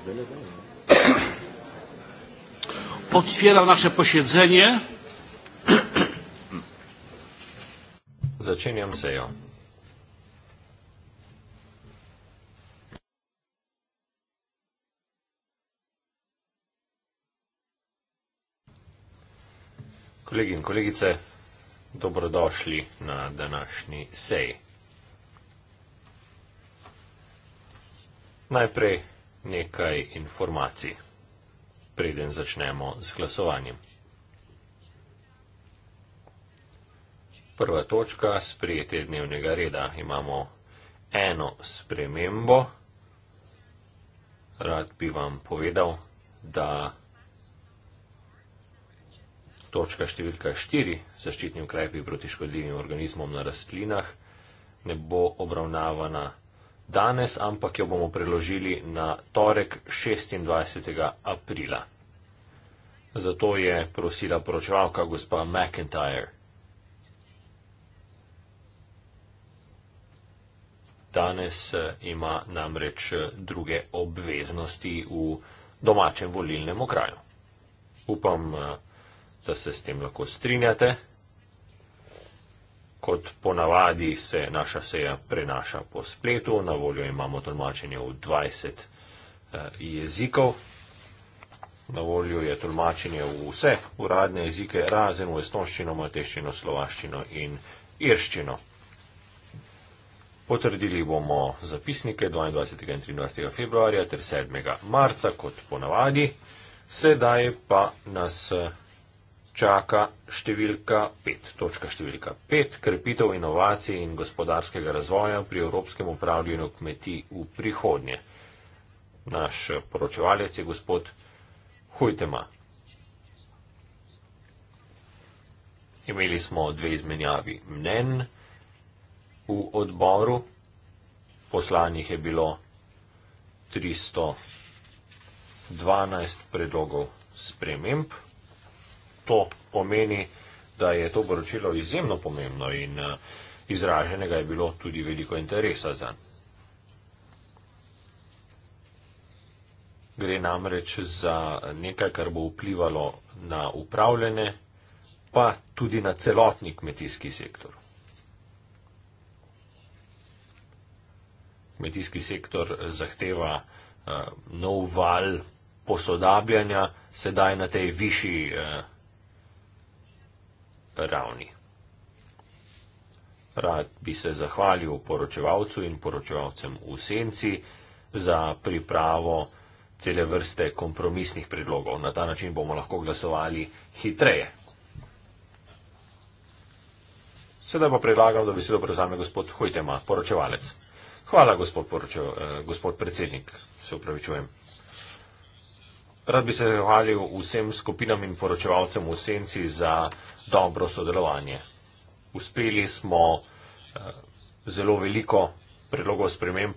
Otwieram nasze posiedzenie. Zaczynam seją. Kolegi in kolegice, dobrodošli na današnji seji. Najprej nekaj informacij, preden začnemo z glasovanjem. Prva točka sprejete dnevnega reda. Imamo eno spremembo. Rad bi vam povedal, da točka številka 4, zaščitni ukrepi proti škodljivim organizmom na rastlinah, ne bo obravnavana danes, ampak jo bomo preložili na torek 26. aprila. Zato je prosila poročevalka gospa McIntyre. Danes eh, ima namreč eh, druge obveznosti v domačem volilnem okraju. Upam, eh, da se s tem lahko strinjate. Kot ponavadi se naša seja prenaša po spletu, na voljo imamo tolmačenje v 20 eh, jezikov. Na voljo je tolmačenje v vse uradne jezike, razen v estonščino, mateščino, slovaščino in irščino. Potrdili bomo zapisnike 22. in 23. februarja ter 7. marca, kot ponavadi. Sedaj pa nas eh, čaka številka 5. Točka številka 5. Krepitev inovacij in gospodarskega razvoja pri Evropskem upravljanju kmetij v prihodnje. Naš poročevalec je gospod Hujtema. Imeli smo dve izmenjavi mnen v odboru. Poslanjih je bilo 312 predlogov sprememb to pomeni, da je to poročilo izjemno pomembno in eh, izraženega je bilo tudi veliko interesa za. Gre namreč za nekaj, kar bo vplivalo na upravljene, pa tudi na celotni kmetijski sektor. Kmetijski sektor eh, zahteva uh, nov val posodabljanja, sedaj na tej višji uh, ravni. Rad bi se zahvalil poročevalcu in poročevalcem v senci za pripravo cele vrste kompromisnih predlogov. Na ta način bomo lahko glasovali hitreje. Sedaj pa predlagam, da bi se dobro zame gospod Hojtema, poročevalec. Hvala, gospod, poročev, eh, gospod predsednik, se upravičujem. Rad bi se zahvalil vsem skupinam in poročevalcem v Senci za dobro sodelovanje. Uspeli smo eh, zelo veliko predlogov sprememb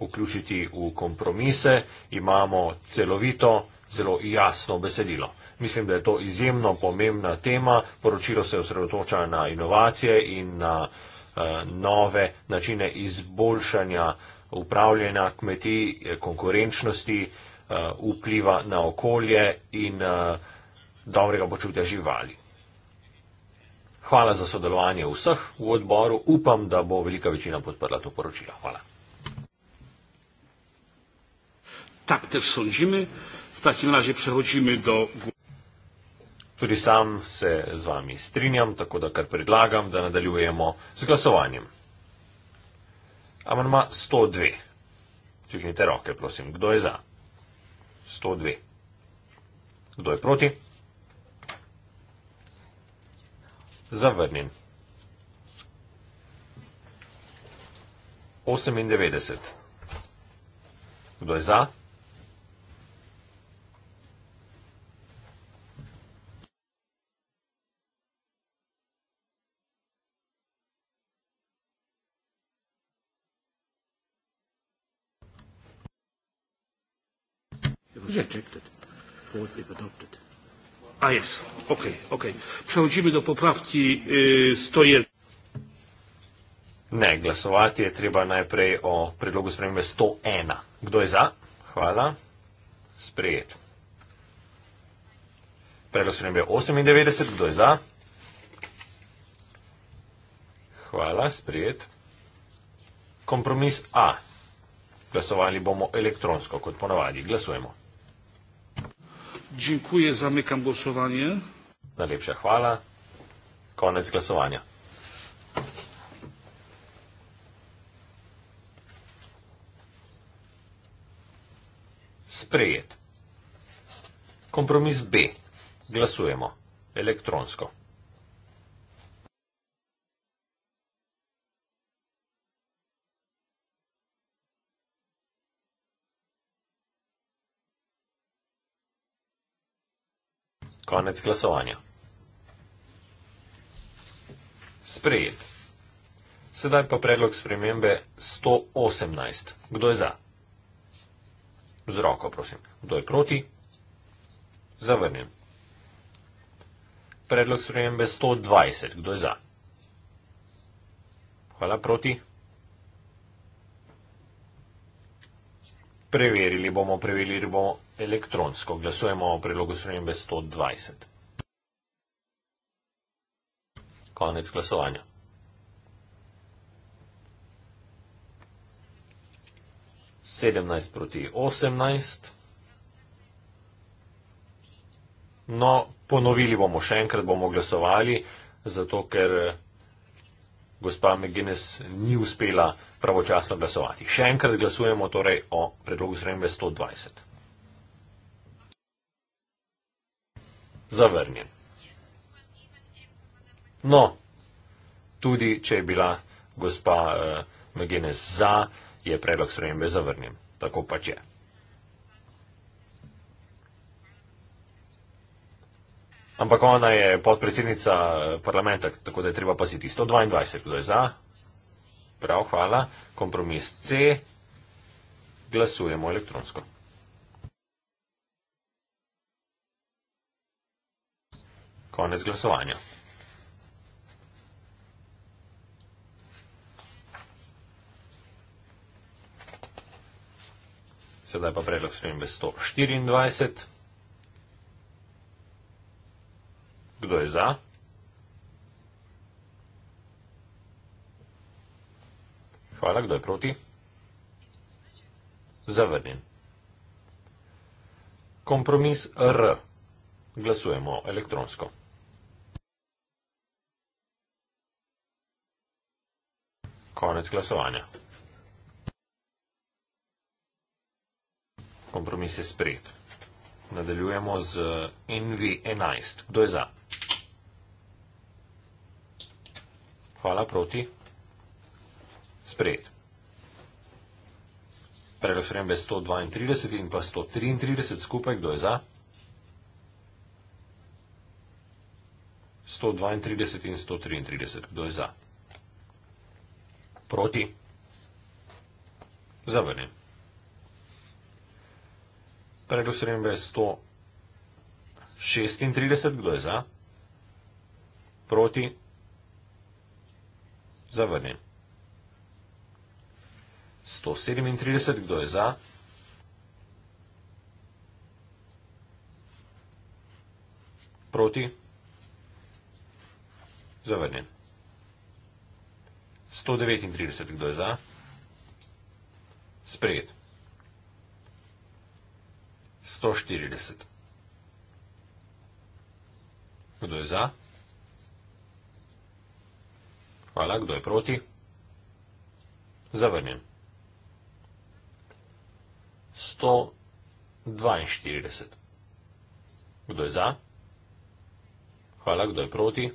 vključiti v kompromise, imamo celovito, zelo jasno besedilo. Mislim, da je to izjemno pomembna tema, poročilo se osredotoča na inovacije in na eh, nove načine izboljšanja upravljanja kmetij, eh, konkurenčnosti, uh, vpliva na okolje in uh, dobrega počutja živali. Hvala za sodelovanje vseh v odboru. Upam, da bo velika večina podprla to poročilo. Hvala. Tak tež sodžime, tak in lažje prehodžime do. Tudi sam se z vami strinjam, tako da kar predlagam, da nadaljujemo z glasovanjem. Amandma 102. Dvignite roke, prosim. Kdo je za? 102. Kdo je proti? Zavrnjen. 98. Kdo je za? Rejected. Fourth if adopted. A jest. Ah, ok, ok. Przechodzimy do poprawki y, 101. Ne, glasovati je treba najprej o predlogu spremembe 101. Kdo je za? Hvala. Sprejet. Predlog spremembe 98. Kdo je za? Hvala. Sprejet. Kompromis A. Glasovali bomo elektronsko, kot ponavadi. Glasujemo. Dziękuję, zamykam głosowanie. Najlepsza chwała. Koniec głosowania. Sprejet. Kompromis B. Głosujemy elektronsko. Konec glasovanja. Sprejet. Sedaj pa predlog spremembe 118. Kdo je za? Z roko, prosim. Kdo je proti? Zavrnjen. Predlog spremembe 120. Kdo je za? Hvala, proti. Preverili bomo, preverili bomo elektronsko. Glasujemo o predlogu spremembe 120. Konec glasovanja. Sedemnajst proti osemnajst. No, ponovili bomo še enkrat, bomo glasovali, zato ker eh, gospa McGuinness ni uspela pravočasno glasovati. Še enkrat glasujemo torej o predlogu spremembe 120. zavrnjen. No, tudi če je bila gospa uh, eh, McGuinness za, je predlog spremembe zavrnjen. Tako pač je. Ampak ona je podpredsednica eh, parlamenta, tako da je treba paziti. 122, kdo je za? Prav, hvala. Kompromis C. Glasujemo elektronsko. Konec glasovanja. Sedaj pa predlog spremembe 124. Kdo je za? Hvala, kdo je proti? Zavrnjen. Kompromis R. Glasujemo elektronsko. Konec glasovanja. Kompromis je sprejet. Nadaljujemo z NV11. Kdo je za? Hvala proti. Sprejet. Preferujem B132 in pa 133 skupaj. Kdo je za? 132 in 133. Kdo je za? Proti. Zavrnjen. Predlog spremembe je 136. Kdo je za? Proti. Zavrnjen. 137. Kdo je za? Proti. Zavrnjen. 139, kdo je za? Sprejet. 140. Kdo je za? Hvala, kdo je proti? Zavrnjen. 142. Kdo je za? Hvala, kdo je proti?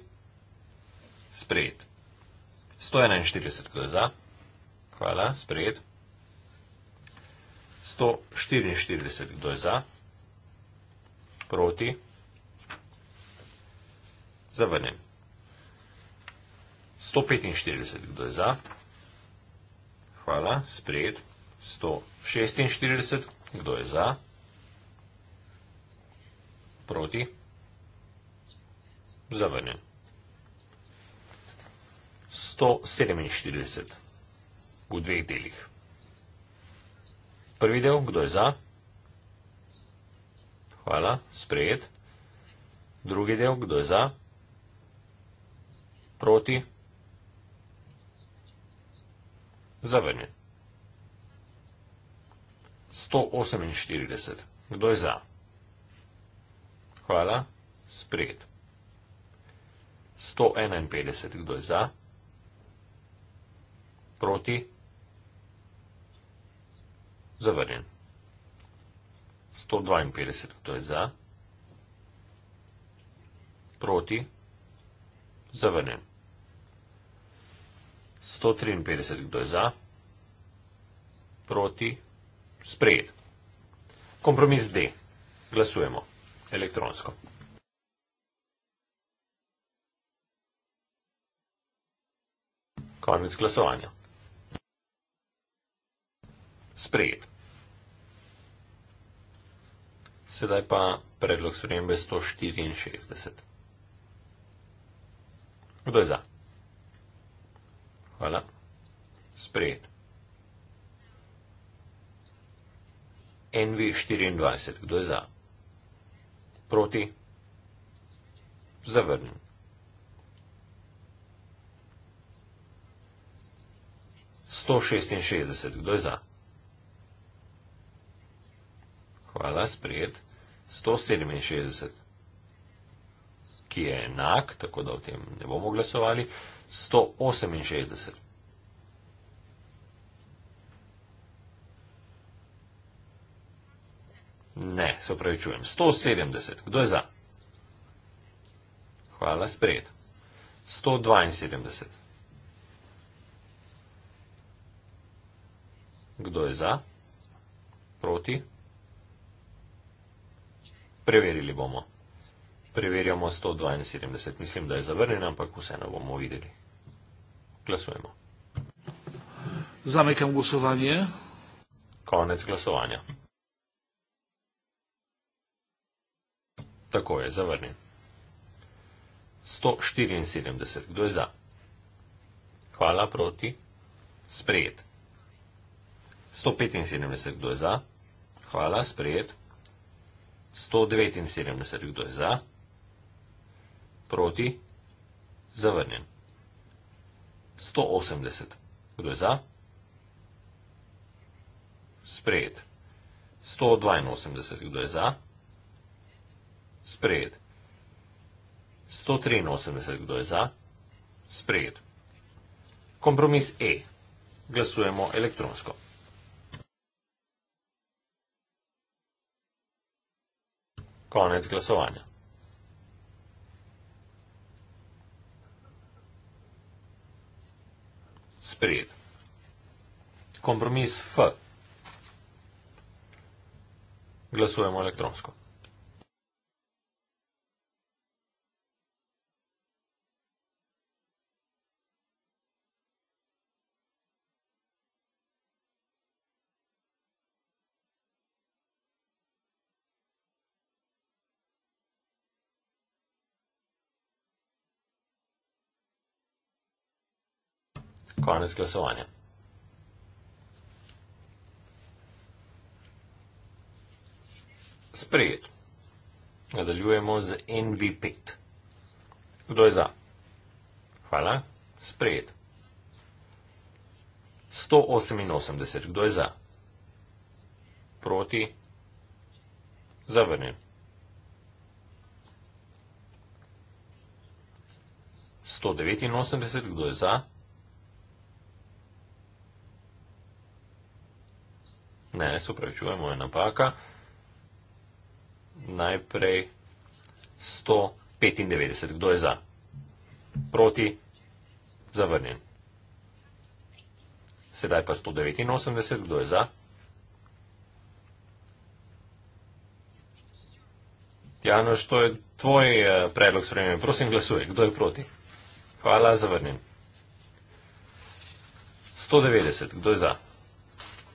Sprejet. 141 ko je za. Hvala, sprejet. 144 kdo je za, proti, zavrnjen. 145 kdo je za, hvala, sprejet. 146 kdo je za, proti, zavrnjen. 147 v dveh delih. Prvi del, kdo je za? Hvala, sprejet. Drugi del, kdo je za? Proti? Zavrnjen. 148. Kdo je za? Hvala, sprejet. 151. Kdo je za? proti, zavrnjen. 152, to je za, proti, zavrnjen. 153, kdo je za, proti, sprejet. Kompromis D. Glasujemo elektronsko. Konec glasovanja sprejet. Sedaj pa predlog spremembe 164. Kdo je za? Hvala. Sprejet. NV24. Kdo je za? Proti? Zavrnjen. 166. Kdo je za? Hvala, sprejet. 167, ki je enak, tako da o tem ne bomo glasovali. 168. Ne, se pravi, čujem. 170. Kdo je za? Hvala, sprejet. 172. Kdo je za? Proti? Preverili bomo. Preverjamo 172. Mislim, da je zavrnjen, ampak vseeno bomo videli. Glasujemo. Zamekam glasovanje. Konec glasovanja. Tako je, zavrnjen. 174. Kdo je za? Hvala proti. Sprejet. 175. Kdo je za? Hvala, sprejet. 179, kdo je za? Proti? Zavrnjen. 180, kdo je za? Sprejet. 182, kdo je za? Sprejet. 183, kdo je za? Sprejet. Kompromis E. Glasujemo elektronsko. Konec glasovanja. Sprejet. Kompromis F. Glasujemo elektronsko. Konec glasovanja. Sprejet. Nadaljujemo z NV5. Kdo je za? Hvala. Sprejet. 188. Kdo je za? Proti. Zavrnjen. 189. Kdo je za? Proti. Ne, se upravičujemo, je napaka. Najprej 195. Kdo je za? Proti? Zavrnjen. Sedaj pa 189. Kdo je za? Janoš, to je tvoj eh, predlog spremembe. Prosim, glasuj. Kdo je proti? Hvala, zavrnjen. 190. Kdo je za?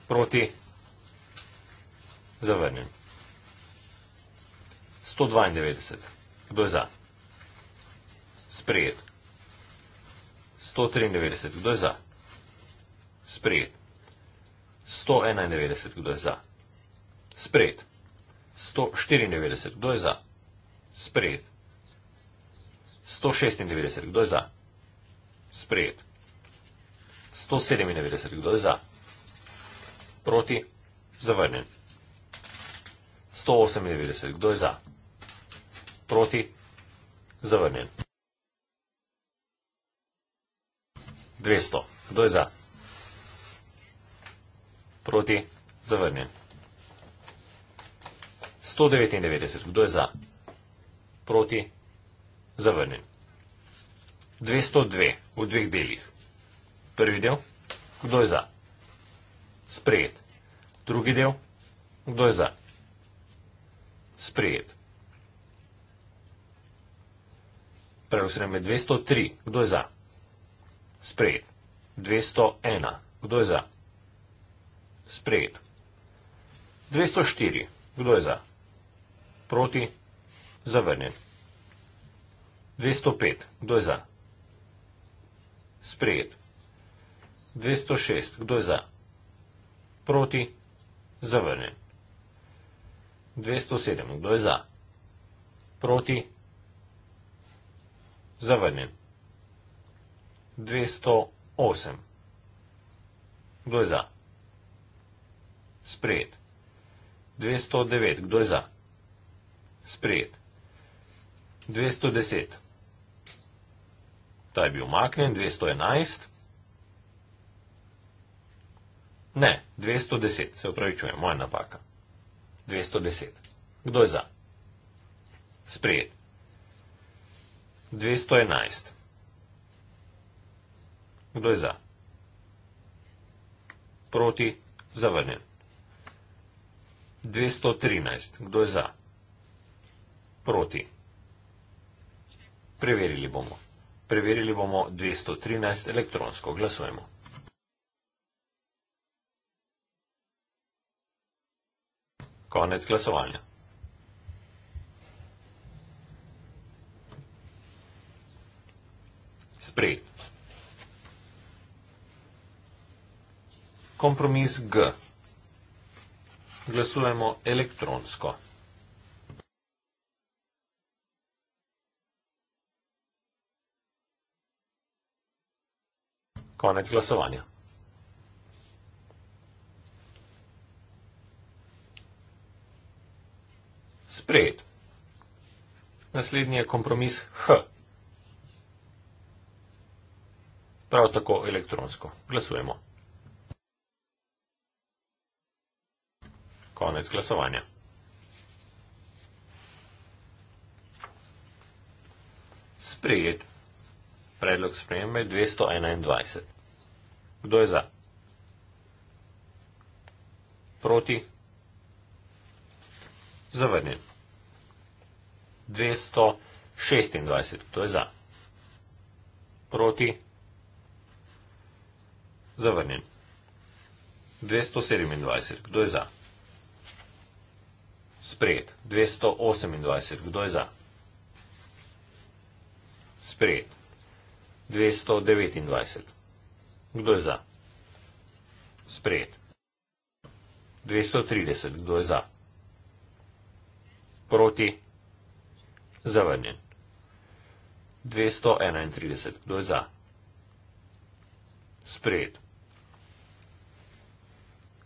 Proti? Zavrnjen. 192. Kdo je za? Sprejet. 193. Kdo je za? Sprejet. 191. Kdo je za? Sprejet. 194. Kdo je za? Sprejet. 196. Kdo je za? Sprejet. 197. Kdo je za? Proti. Zavrnjen. 198. Kdo je za? Proti? Zavrnjen. 200. Kdo je za? Proti? Zavrnjen. 199. Kdo je za? Proti? Zavrnjen. 202. V dveh delih. Prvi del. Kdo je za? Sprejet. Drugi del. Kdo je za? sprejet. Predlog sprememe 203. Kdo je za? Sprejet. 201. Kdo je za? Sprejet. 204. Kdo je za? Proti. Zavrnjen. 205. Kdo je za? Sprejet. 206. Kdo je za? Proti. Zavrnjen. 207. 207. Kdo je za? Proti? Zavrnjen. 208. Kdo je za? Sprejet. 209. Kdo je za? Sprejet. 210. Ta je bil umaknen. 211. Ne, 210. Se upravičujem, moja napaka. 210. Kdo je za? Sprejet. 211. Kdo je za? Proti. Zavrnjen. 213. Kdo je za? Proti. Preverili bomo. Preverili bomo 213 elektronsko. Glasujemo. Konec glasovanja. Sprejet. Kompromis G. Glasujemo elektronsko. Konec glasovanja. sprejet. Naslednji je kompromis H. Prav tako elektronsko. Glasujemo. Konec glasovanja. Sprejet. Predlog sprejeme 221. Kdo je za? Proti? Zavrnjen. 226, to je za. Proti. Zavrnjen. 227, kdo je za? Sprejet. 228, kdo je za? Sprejet. 229, kdo je za? Sprejet. 230, kdo je za? Proti. Zavrnjen. 231. Kdo je za? Sprejet.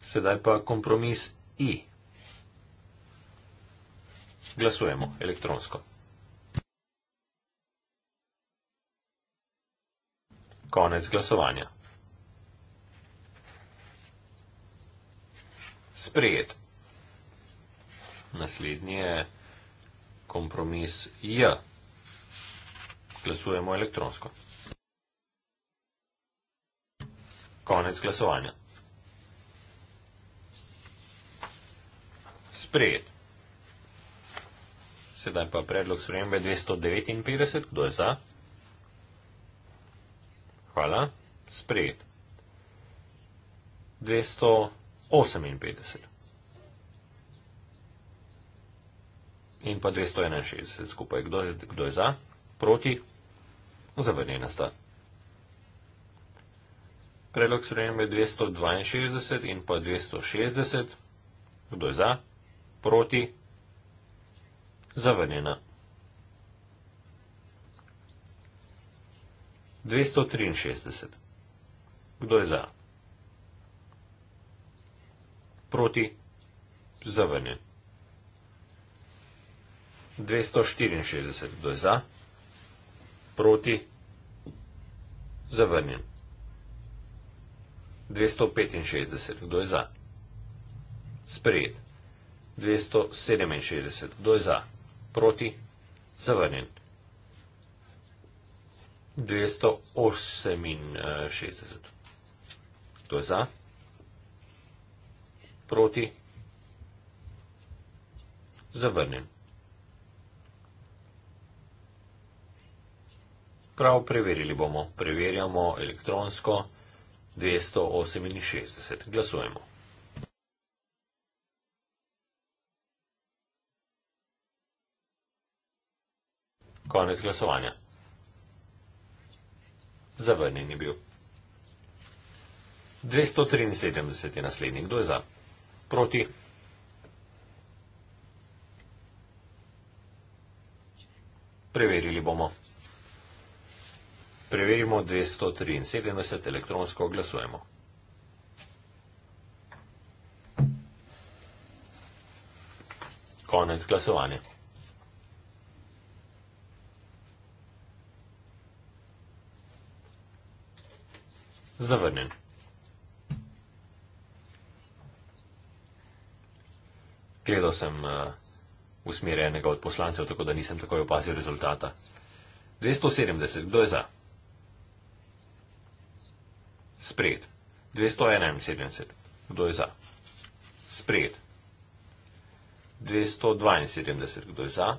Sedaj pa kompromis I. Glasujemo elektronsko. Konec glasovanja. Sprejet. Naslednji je kompromis J. Glasujemo elektronsko. Konec glasovanja. Sprejet. Sedaj pa predlog spremembe 259. Kdo je za? Hvala. Sprejet. 258. in pa 261 skupaj. Kdo je, kdo je za, proti, zavrnjena sta. Predlog sprejem je 262 in pa 260. Kdo je za, proti, zavrnjena. 263. Kdo je za? Proti. Zavrnjen. 264, kdo je za, proti, zavrnjen. 265, kdo je za, sprejet. 267, kdo je za, proti, zavrnjen. 268, kdo je za, proti, zavrnjen. Prav preverili bomo. Preverjamo elektronsko 268. Glasujemo. Konec glasovanja. Zavrnjen je bil. 273 je naslednji. Kdo je za? Proti. Preverili bomo. Preverimo 273, elektronsko glasujemo. Konec glasovanja. Zavrnjen. Gledal sem uh, usmerjenega od poslancev, tako da nisem takoj opazil rezultata. 270, kdo je za? Sprejet. 271. Kdo je za? Sprejet. 272. Kdo je za?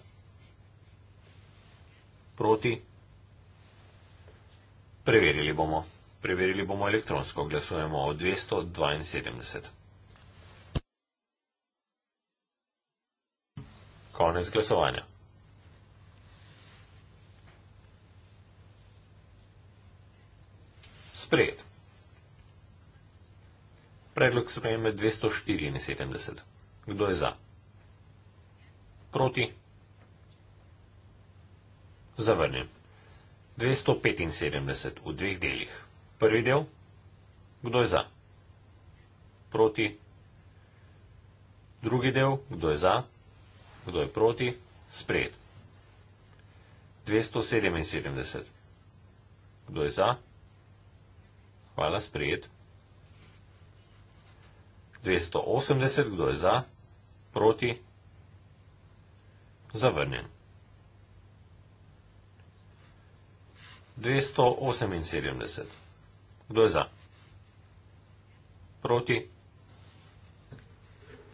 Proti. Preverili bomo. Preverili bomo elektronsko. Glasujemo o 272. Konec glasovanja. Sprejet. Predlog sprejeme 274. Kdo je za? Proti? Zavrnjen. 275 v dveh delih. Prvi del. Kdo je za? Proti? Drugi del. Kdo je za? Kdo je proti? Sprejet. 277. Kdo je za? Hvala, sprejet. 280, kdo je za, proti, zavrnjen. 278, kdo je za, proti,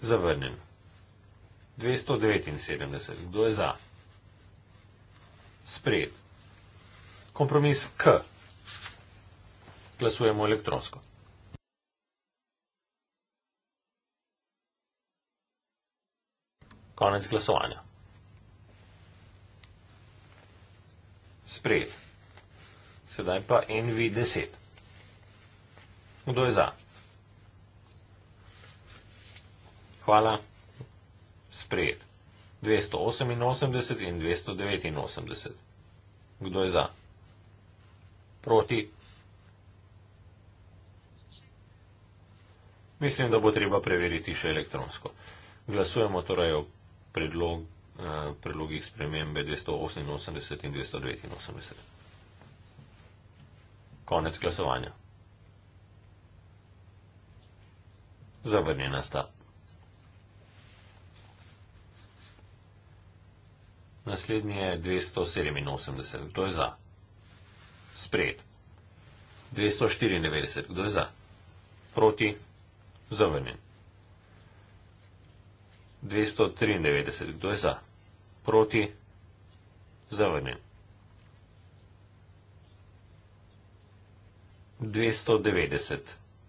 zavrnjen. 279, kdo je za, sprejet. Kompromis K. Glasujemo elektronsko. Konec glasovanja. Sprejet. Sedaj pa NV10. Kdo je za? Hvala. Sprejet. 288 in 289. Kdo je za? Proti. Mislim, da bo treba preveriti še elektronsko. Glasujemo torej o predlog, eh, predlogih spremembe 288 in 289. Konec glasovanja. Zavrnjena sta. Naslednji je 287. Kdo je za? Spred. 294. Kdo je za? Proti. Zavrnjen. 293. Kdo je za? Proti? Zavrnjen. 290.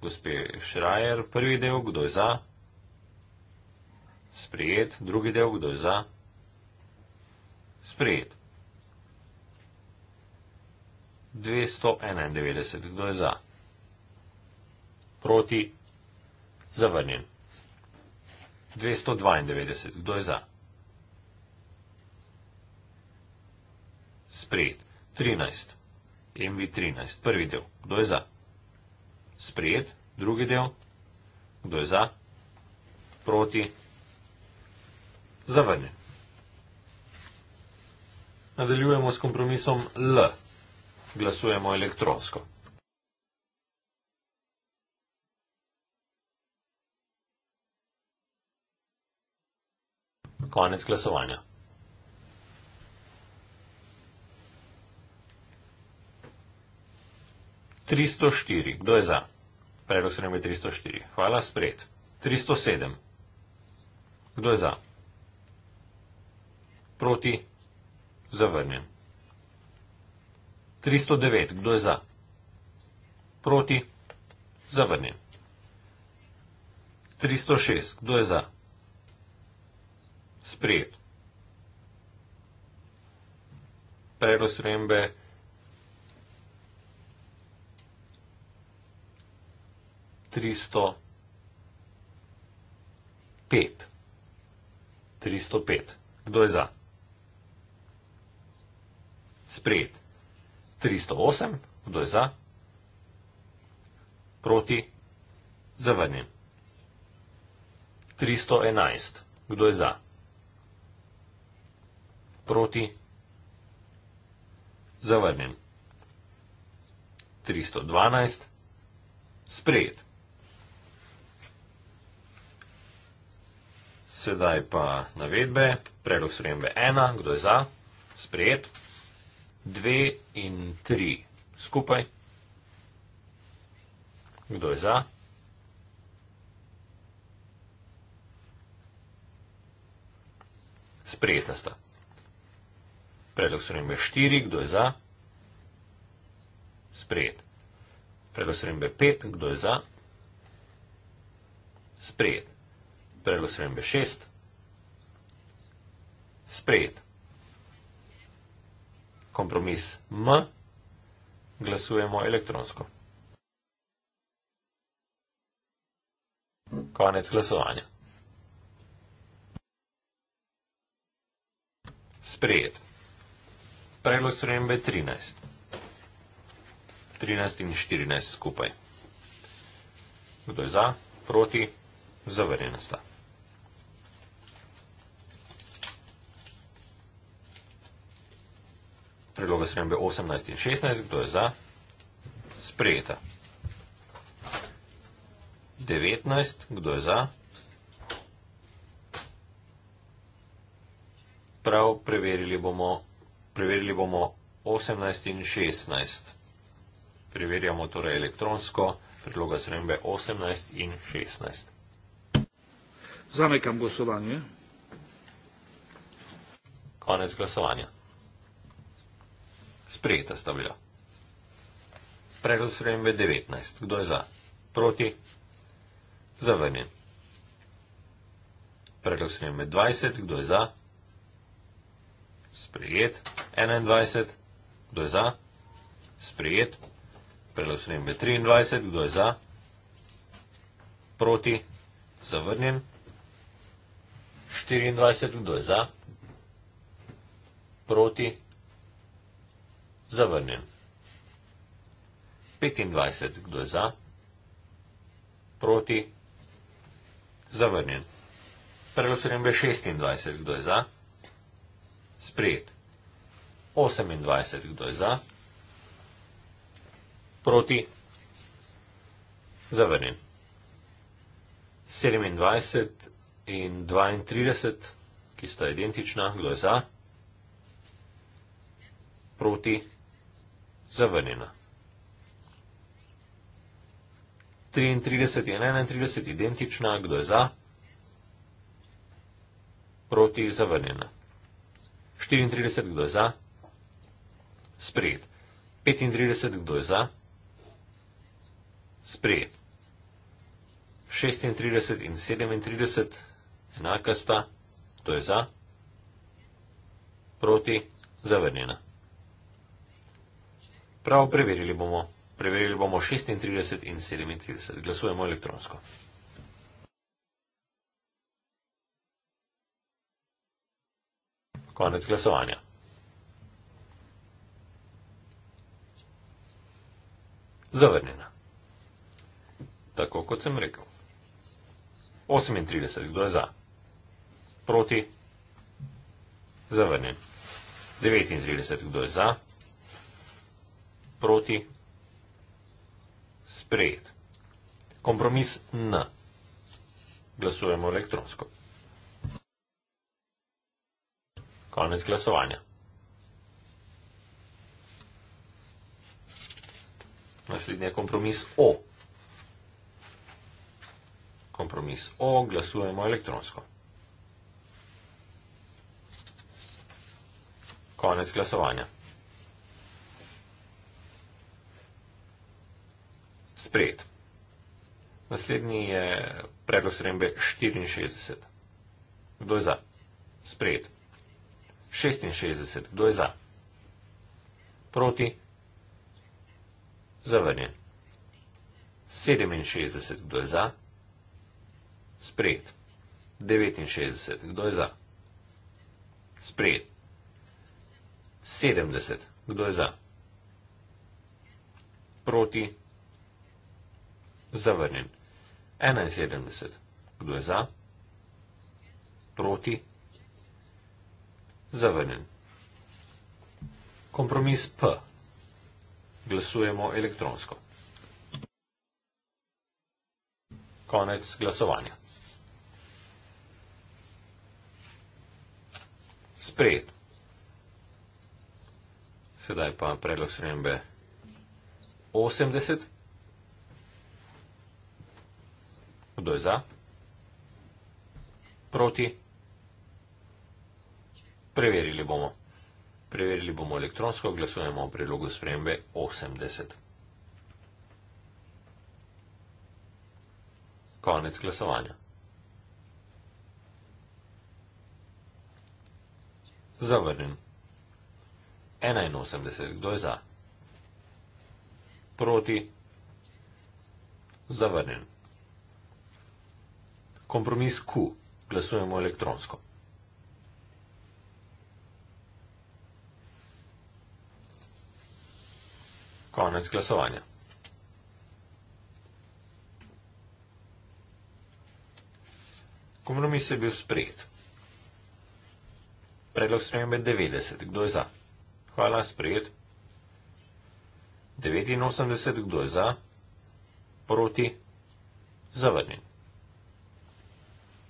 Gospe Šrajer, prvi del, kdo je za? Sprijet. Drugi del, kdo je za? Sprijet. 291. Kdo je za? Proti? Zavrnjen. 292. Kdo je za? Sprejet. 13. MV13. Prvi del. Kdo je za? Sprejet. Drugi del. Kdo je za? Proti. Zavrnje. Nadaljujemo s kompromisom L. Glasujemo elektronsko. konec glasovanja. Tristo štiri. Kdo je za? Predlog sprejem je tristo štiri. Hvala, spred. Tristo sedem. Kdo je za? Proti. Zavrnjen. Tristo devet. Kdo je za? Proti. Zavrnjen. Tristo šest. Kdo je za? Proti sprejet. Predlog spremembe tristo pet. tristo pet. Kdo je za? Sprejet. tristo osem. Kdo je za? Proti. Zavrnjen. tristo enajst. Kdo je za? proti, zavrnjen. 312, sprejet. Sedaj pa navedbe, predlog spremembe 1, kdo je za, sprejet. 2 in 3 skupaj. Kdo je za? Sprejeta sta. Predlog spremembe 4, kdo je za? Sprejet. Predlog spremembe 5, kdo je za? Sprejet. Predlog spremembe 6. Sprejet. Kompromis M. Glasujemo elektronsko. Konec glasovanja. Sprejet predlog spremembe 13. 13 in 14 skupaj. Kdo je za, proti, zavarjena sta. Predloga spremembe 18 in 16, kdo je za, sprejeta. 19, kdo je za, prav preverili bomo Preverili bomo 18 in 16. Preverjamo torej elektronsko predloga srembe 18 in 16. Zamekam glasovanje. Konec glasovanja. Sprejeta sta bila. Predlog srembe 19. Kdo je za? Proti? Zavrnjen. Predlog srembe 20. Kdo je za? Proti? sprejet, 21, kdo je za, sprejet, predlog spremembe 23, kdo je za, proti, zavrnjen, 24, kdo je za, proti, zavrnjen, 25, kdo je za, proti, zavrnjen. Predlog spremembe 26, kdo je za, proti, zavrnjen sprejet. 28, kdo je za? Proti? Zavrnjen. 27 in 32, ki sta identična, kdo je za? Proti? Zavrnjena. 33 in 31, identična, kdo je za? Proti? Zavrnjena. 34, kdo je za? Sprejet. 35, kdo je za? Sprejet. 36 in 37, enaka sta, kdo je za? Proti, zavrnjena. Prav preverili bomo. Preverili bomo 36 in 37. Glasujemo elektronsko. Konec glasovanja. Zavrnjena. Tako kot sem rekel. 38, kdo je za? Proti? Zavrnjen. 39, kdo je za? Proti? Sprejet. Kompromis N. Glasujemo elektronsko. Konec glasovanja. Naslednji je kompromis O. Kompromis O glasujemo elektronsko. Konec glasovanja. Sprejet. Naslednji je predlog srembe 64. Kdo je za? Sprejet. 66. Kdo je za? Proti? Zavrnjen. 67. Kdo je za? Sprejet. 69. Kdo je za? Sprejet. 70. Kdo je za? Proti? Zavrnjen. 71. Kdo je za? Proti? zavrnjen. Kompromis P. Glasujemo elektronsko. Konec glasovanja. Sprejet. Sedaj pa predlog srembe 80. Kdo je za? Proti? Preverili bomo. Preverili bomo elektronsko, glasujemo o predlogu spremembe 80. Konec glasovanja. Zavrnjen. 81. Kdo je za? Proti. Zavrnjen. Kompromis Q. Glasujemo elektronsko. Konec glasovanja. Kompromis je bil sprejet. Predlog spremembe 90. Kdo je za? Hvala, sprejet. 89. Kdo je za? Proti? Zavrnjen.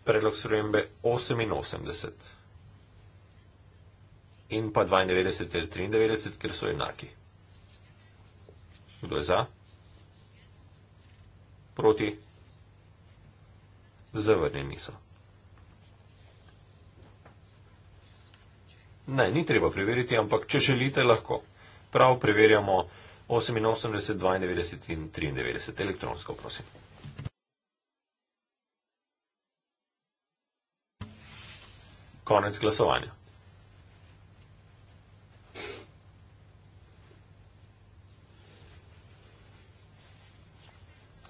Predlog spremembe 88. In pa 92 ter 93, ker so enaki. Kdo je za? Proti? Zavrni misel. Ne, ni treba preveriti, ampak če želite, lahko. Prav preverjamo 88, 92 in 93 elektronsko, prosim. Konec glasovanja.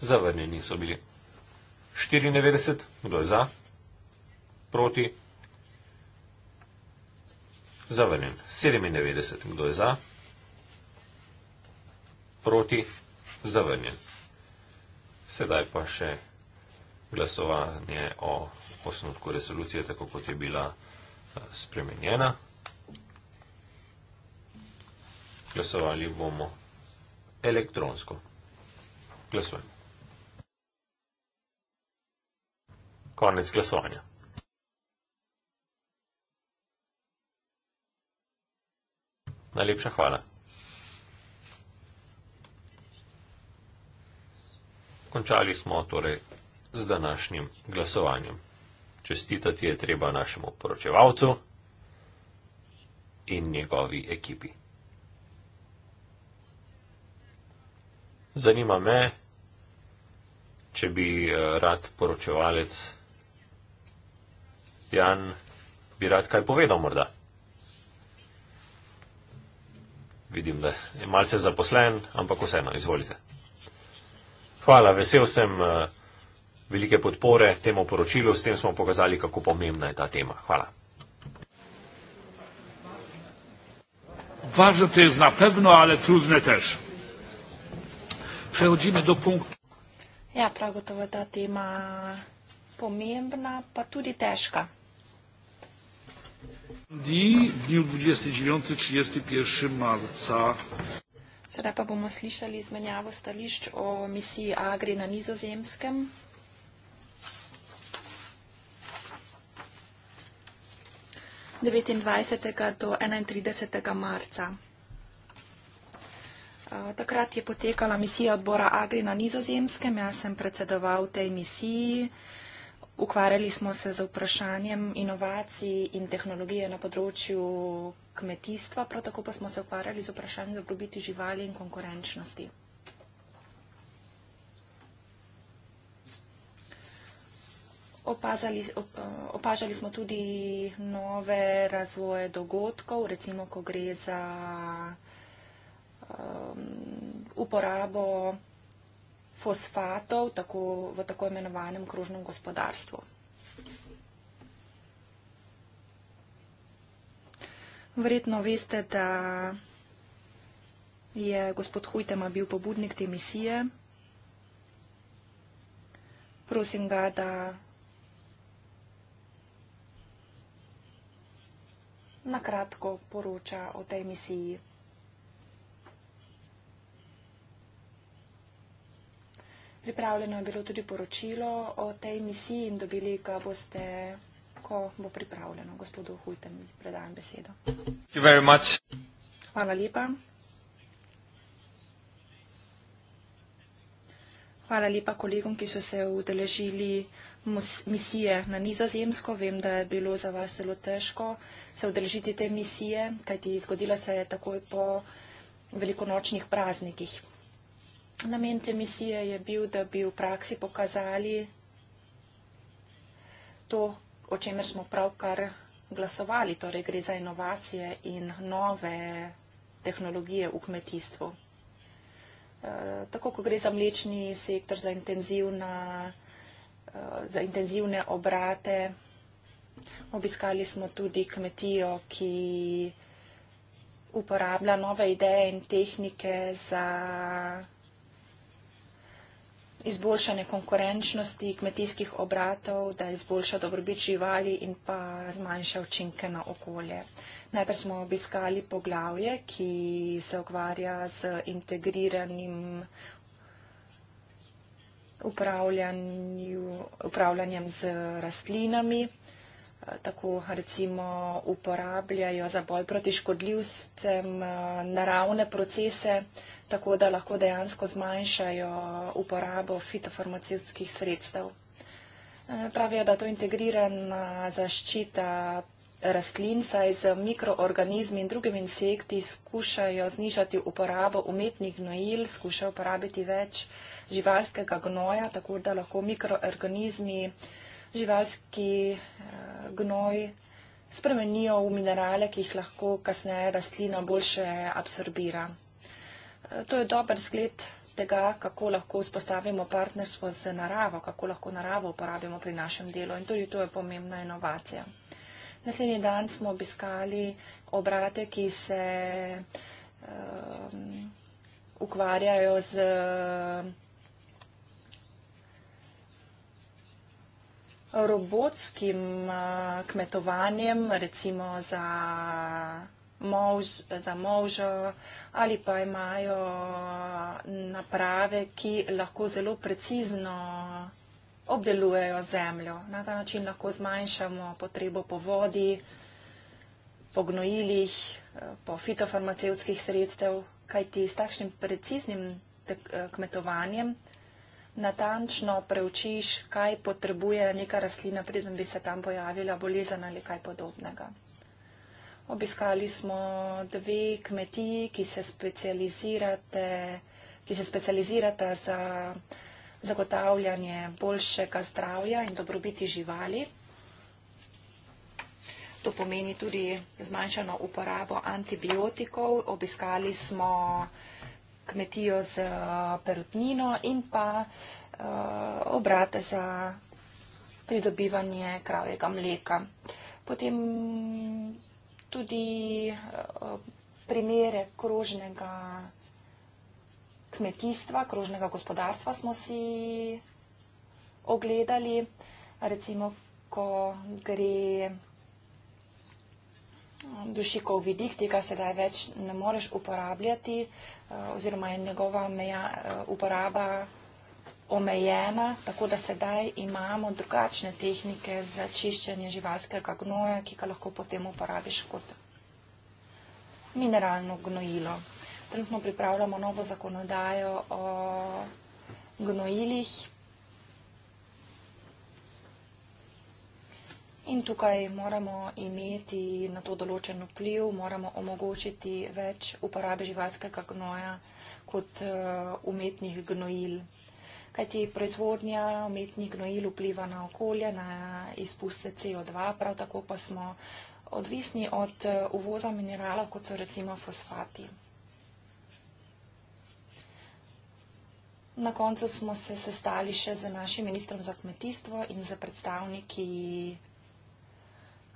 zavrnjeni so bili. 94, kdo je za, proti, zavrnjen. 97, kdo je za, proti, zavrnjen. Sedaj pa še glasovanje o osnutku resolucije, tako kot je bila eh, spremenjena. Glasovali bomo elektronsko. Glasujemo. Konec glasovanja. Najlepša hvala. Končali smo torej z današnjim glasovanjem. Čestitati je treba našemu poročevalcu in njegovi ekipi. Zanima me, če bi eh, rad poročevalec. Jan bi rad kaj povedal morda. Vidim, da je malce zaposlen, ampak vseeno, izvolite. Hvala, vesel sem eh, velike podpore temu poročilu, s tem smo pokazali, kako pomembna je ta tema. Hvala. Važate z napevno, ali trudne tež. Prehodime do punktu. Ja, prav gotovo je ta tema pomembna, pa tudi težka dni, v dniu 29-31 marca. Sedaj pa bomo slišali izmenjavo stališč o misiji Agri na nizozemskem. devetindvajset do enaintrideset marca. Eh, takrat je potekala misija odbora Agri na nizozemskem, jaz sem predsedoval tej misiji. Ukvarjali smo se z vprašanjem inovacij in tehnologije na področju kmetijstva, prav tako pa smo se ukvarjali z vprašanjem dobrobiti živali in konkurenčnosti. Opazali, opažali smo tudi nove razvoje dogodkov, recimo, ko gre za um, uporabo fosfatov tako, v tako imenovanem kružnem gospodarstvu. Verjetno veste, da je gospod Hujtema bil pobudnik te misije. Prosim ga, da nakratko poroča o tej misiji. Pripravljeno je bilo tudi poročilo o tej misiji in dobili ga boste, ko bo pripravljeno. Gospodu Hultem predajam besedo. Hvala lepa. Hvala lepa kolegom, ki so se udeležili misije na nizozemsko. Vem, da je bilo za vas zelo težko se udeležiti te misije, kajti zgodila se je takoj po velikonočnih praznikih. Namen te misije je bil, da bi v praksi pokazali to, o čemer smo pravkar glasovali, torej gre za inovacije in nove tehnologije v kmetijstvu. Eh, tako, ko gre za mlečni sektor, za, eh, za intenzivne obrate, obiskali smo tudi kmetijo, ki uporablja nove ideje in tehnike za izboljšanje konkurenčnosti kmetijskih obratov, da izboljša dobrobit živali in pa zmanjša učinke na okolje. Najprej smo obiskali poglavje, ki se ukvarja z integriranim upravljanjem z rastlinami tako recimo uporabljajo za boj proti škodljivcem eh, naravne procese, tako da lahko dejansko zmanjšajo uporabo fitofarmacijskih sredstev. Eh, pravijo, da to integrirana zaščita rastlin, saj z mikroorganizmi in drugimi insekti skušajo znižati uporabo umetnih gnojil, skušajo uporabiti več živalskega gnoja, tako da lahko mikroorganizmi uh, živalski eh, gnoj spremenijo v minerale, ki jih lahko kasneje rastlina boljše absorbira. Eh, to je dober zgled tega, kako lahko vzpostavimo partnerstvo z naravo, kako lahko naravo uporabimo pri našem delu in tudi to je pomembna inovacija. Naslednji dan smo obiskali obrate, ki se um, ukvarjajo z robotskim eh, kmetovanjem, recimo za, mož, za možo, ali pa imajo naprave, ki lahko zelo precizno obdelujejo zemljo. Na ta način lahko zmanjšamo potrebo po vodi, po gnojilih, eh, po fitofarmacevskih sredstev, kajti s takšnim preciznim eh, kmetovanjem natančno preučiš, kaj potrebuje neka rastlina, preden bi se tam pojavila bolezen ali kaj podobnega. Obiskali smo dve kmetiji, ki se specializirate, ki se specializirate za zagotavljanje boljšega zdravja in dobrobiti živali. To pomeni tudi zmanjšano uporabo antibiotikov. Obiskali smo uh, kmetijo z eh, perutnino in pa eh, obrate za pridobivanje kravjega mleka. Potem tudi eh, primere krožnega kmetijstva, krožnega gospodarstva smo si ogledali. Recimo, ko gre vsega, dušikov vidik, tega sedaj več ne moreš uporabljati eh, oziroma je njegova meja, eh, uporaba omejena, tako da sedaj imamo drugačne tehnike za čiščenje živalskega gnoja, ki ga lahko potem uporabiš kot mineralno gnojilo. Trenutno pripravljamo novo zakonodajo o gnojilih, In tukaj moramo imeti na to določen vpliv, moramo omogočiti več uporabe živalskega gnoja kot eh, umetnih gnojil. Kajti proizvodnja umetnih gnojil vpliva na okolje, na izpuste CO2, prav tako pa smo odvisni od eh, uvoza mineralov, kot so recimo fosfati. Na koncu smo se sestali še z našim ministrom za kmetijstvo in z predstavniki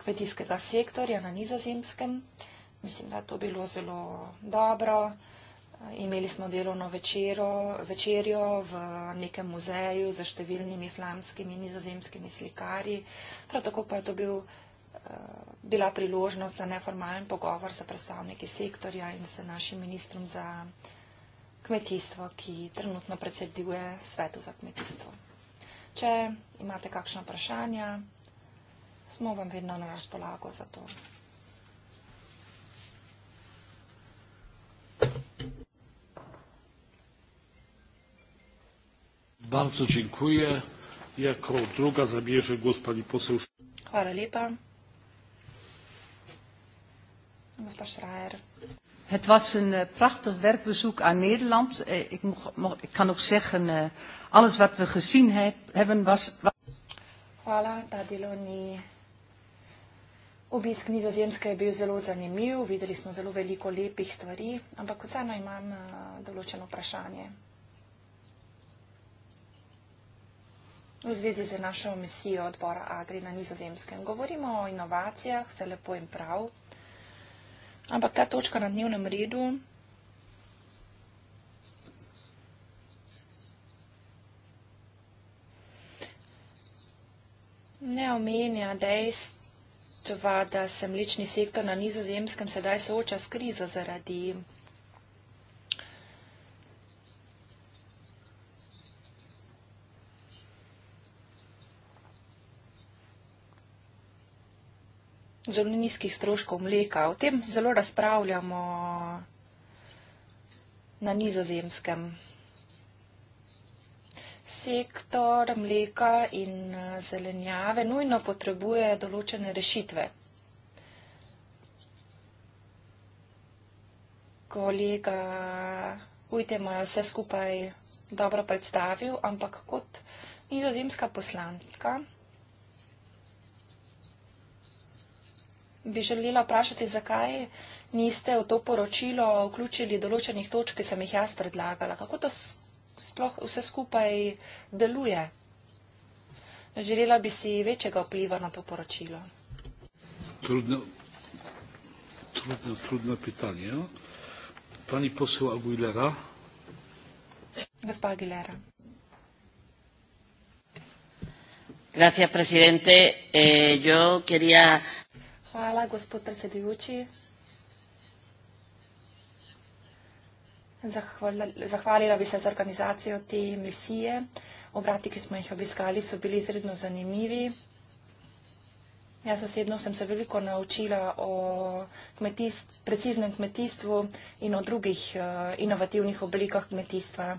kmetijskega sektorja na nizozemskem. Mislim, da je to bilo zelo dobro. Imeli smo delovno večero, večerjo v nekem muzeju z številnimi flamskimi in nizozemskimi slikarji. Prav tako pa je to bil, eh, bila priložnost za neformalen pogovor s predstavniki sektorja in s našim ministrom za kmetijstvo, ki trenutno predseduje svetu za kmetijstvo. Če imate kakšno vprašanje, smo vam vedno na razpolago za to. Bardzo dziękuję. Jako druga zabierze głos pani poseł Hvala lepa. Gospa Schreier. Het was een eh, prachtig werkbezoek aan Nederland. Eh, ik, mo mo ik kan ook zeggen, eh, alles wat we gezien he hebben was... Hvala, ta delo ni Obisk nizozemske je bil zelo zanimiv, videli smo zelo veliko lepih stvari, ampak vseeno imam eh, določeno vprašanje. V zvezi z našo misijo odbora Agri na nizozemskem. Govorimo o inovacijah, vse lepo in prav, ampak ta točka na dnevnem redu ne omenja dejstva, dejstva, da se mlečni sektor na nizozemskem sedaj sooča s krizo zaradi zelo nizkih stroškov mleka. O tem zelo razpravljamo na nizozemskem sektor mleka in eh, zelenjave nujno potrebuje določene rešitve. Kolega Ujtema je vse skupaj dobro predstavil, ampak kot nizozimska poslantka bi želela vprašati, zakaj niste v to poročilo vključili določenih točk, ki sem jih jaz predlagala. Kako to skupaj? sploh vse skupaj deluje. Želela bi si večjega vpliva na to poročilo. Trudno, trudno, trudno pitanje. Ja. Pani posel Aguilera. Gospa Aguilera. Gracias, presidente. Eh, yo quería. Hvala, gospod predsedujoči. Zahvala, zahvalila bi se za organizacijo te misije. Obrati, ki smo jih obiskali, so bili izredno zanimivi. Jaz osebno sem se veliko naučila o kmetist, preciznem kmetijstvu in o drugih uh, inovativnih oblikah kmetijstva.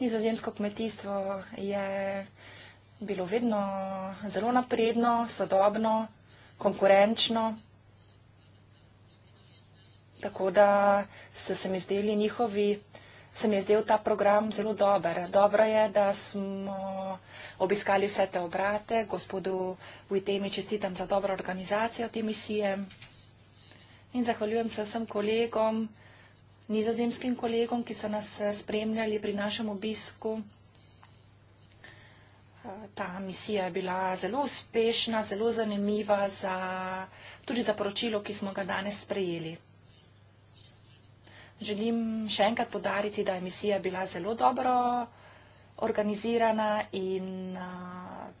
Nizozemsko kmetijstvo je bilo vedno zelo napredno, sodobno, konkurenčno. Tako da so se mi zdeli njihovi, se mi je zdel ta program zelo dober. Dobro je, da smo obiskali vse te obrate, gospodu Vitemi čestitam za dobro organizacijo te misije in zahvaljujem se vsem kolegom, nizozemskim kolegom, ki so nas eh, spremljali pri našem obisku. Ta misija je bila zelo uspešna, zelo zanimiva za, tudi za poročilo, ki smo ga danes sprejeli. Želim še enkrat podariti, da je misija bila zelo dobro organizirana in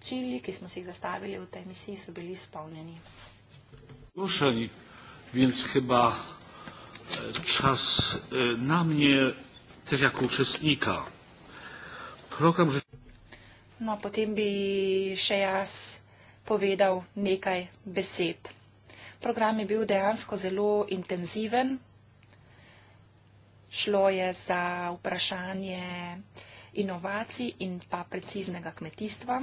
cilji, ki smo si jih zastavili v tej misiji, so bili izpolnjeni. Slušali, więc chyba čas e, e, na mnie ter jako učesnika. Program, že... No, potem bi še jaz povedal nekaj besed. Program je bil dejansko zelo intenziven, šlo je za vprašanje inovacij in pa preciznega kmetijstva.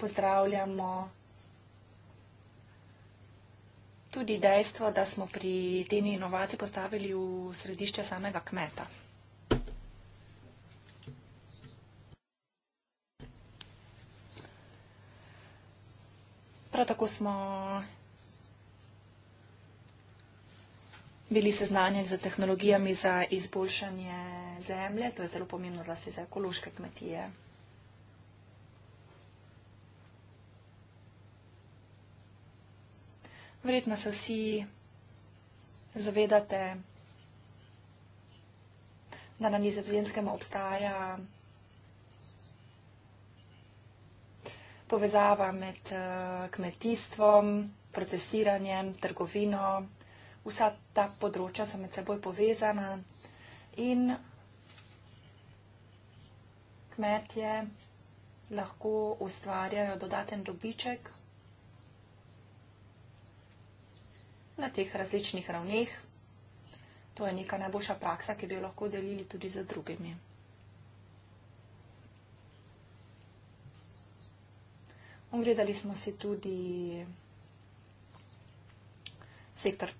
Pozdravljamo tudi dejstvo, da smo pri temi inovaciji postavili v središče samega kmeta. Prav tako smo bili seznanjeni z tehnologijami za izboljšanje zemlje, to je zelo pomembno zlasti za ekološke kmetije. Verjetno se vsi zavedate, da na nizozemskem obstaja povezava med eh, kmetijstvom, procesiranjem, trgovino, vsa ta področja so med seboj povezana in kmetje lahko ustvarjajo dodaten dobiček na teh različnih ravneh. To je neka najboljša praksa, ki bi jo lahko delili tudi z drugimi. Ogledali smo si tudi sektor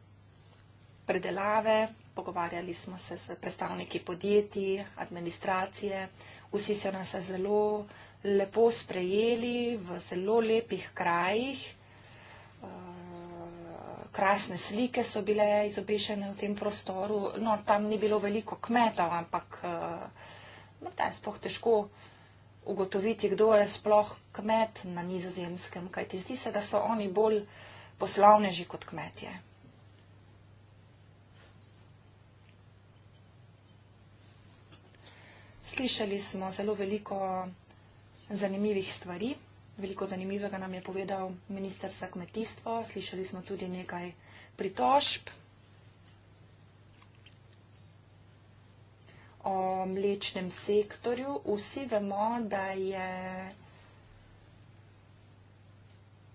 predelave, pogovarjali smo se s predstavniki podjetij, administracije. Vsi so nas zelo lepo sprejeli v zelo lepih krajih. Eh, krasne slike so bile izobešene v tem prostoru. No, tam ni bilo veliko kmetov, ampak eh, no, da je spoh težko ugotoviti, kdo je sploh kmet na nizozemskem, kajti zdi se, da so oni bolj poslovneži kot kmetje. slišali smo zelo veliko zanimivih stvari. Veliko zanimivega nam je povedal minister za kmetijstvo. Slišali smo tudi nekaj pritožb o mlečnem sektorju. Vsi vemo, da je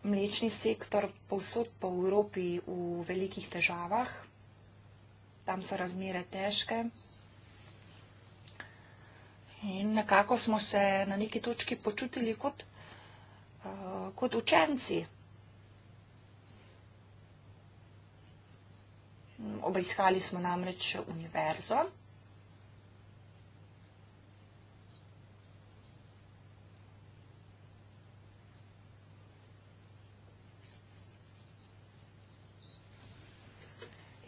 mlečni sektor povsod po Evropi v velikih težavah. Tam so razmere težke. In nekako smo se na neki točki počutili kot, uh, kot učenci. Obiskali smo namreč univerzo.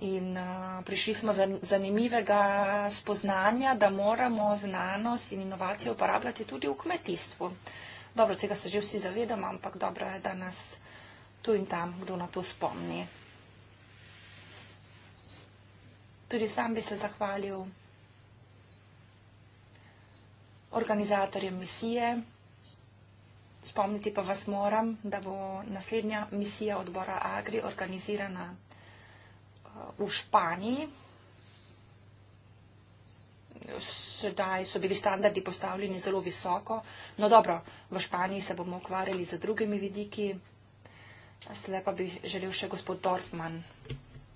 In uh, prišli smo za zanimivega spoznanja, da moramo znanost in inovacije uporabljati tudi v kmetijstvu. Dobro, tega se že vsi zavedamo, ampak dobro je, da nas tu in tam kdo na to spomni. Tudi sam bi se zahvalil organizatorjem misije. Spomniti pa vas moram, da bo naslednja misija odbora Agri organizirana v Španiji. Sedaj so bili standardi postavljeni zelo visoko. No dobro, v Španiji se bomo ukvarjali z drugimi vidiki. Sedaj pa bi želel še gospod Dorfman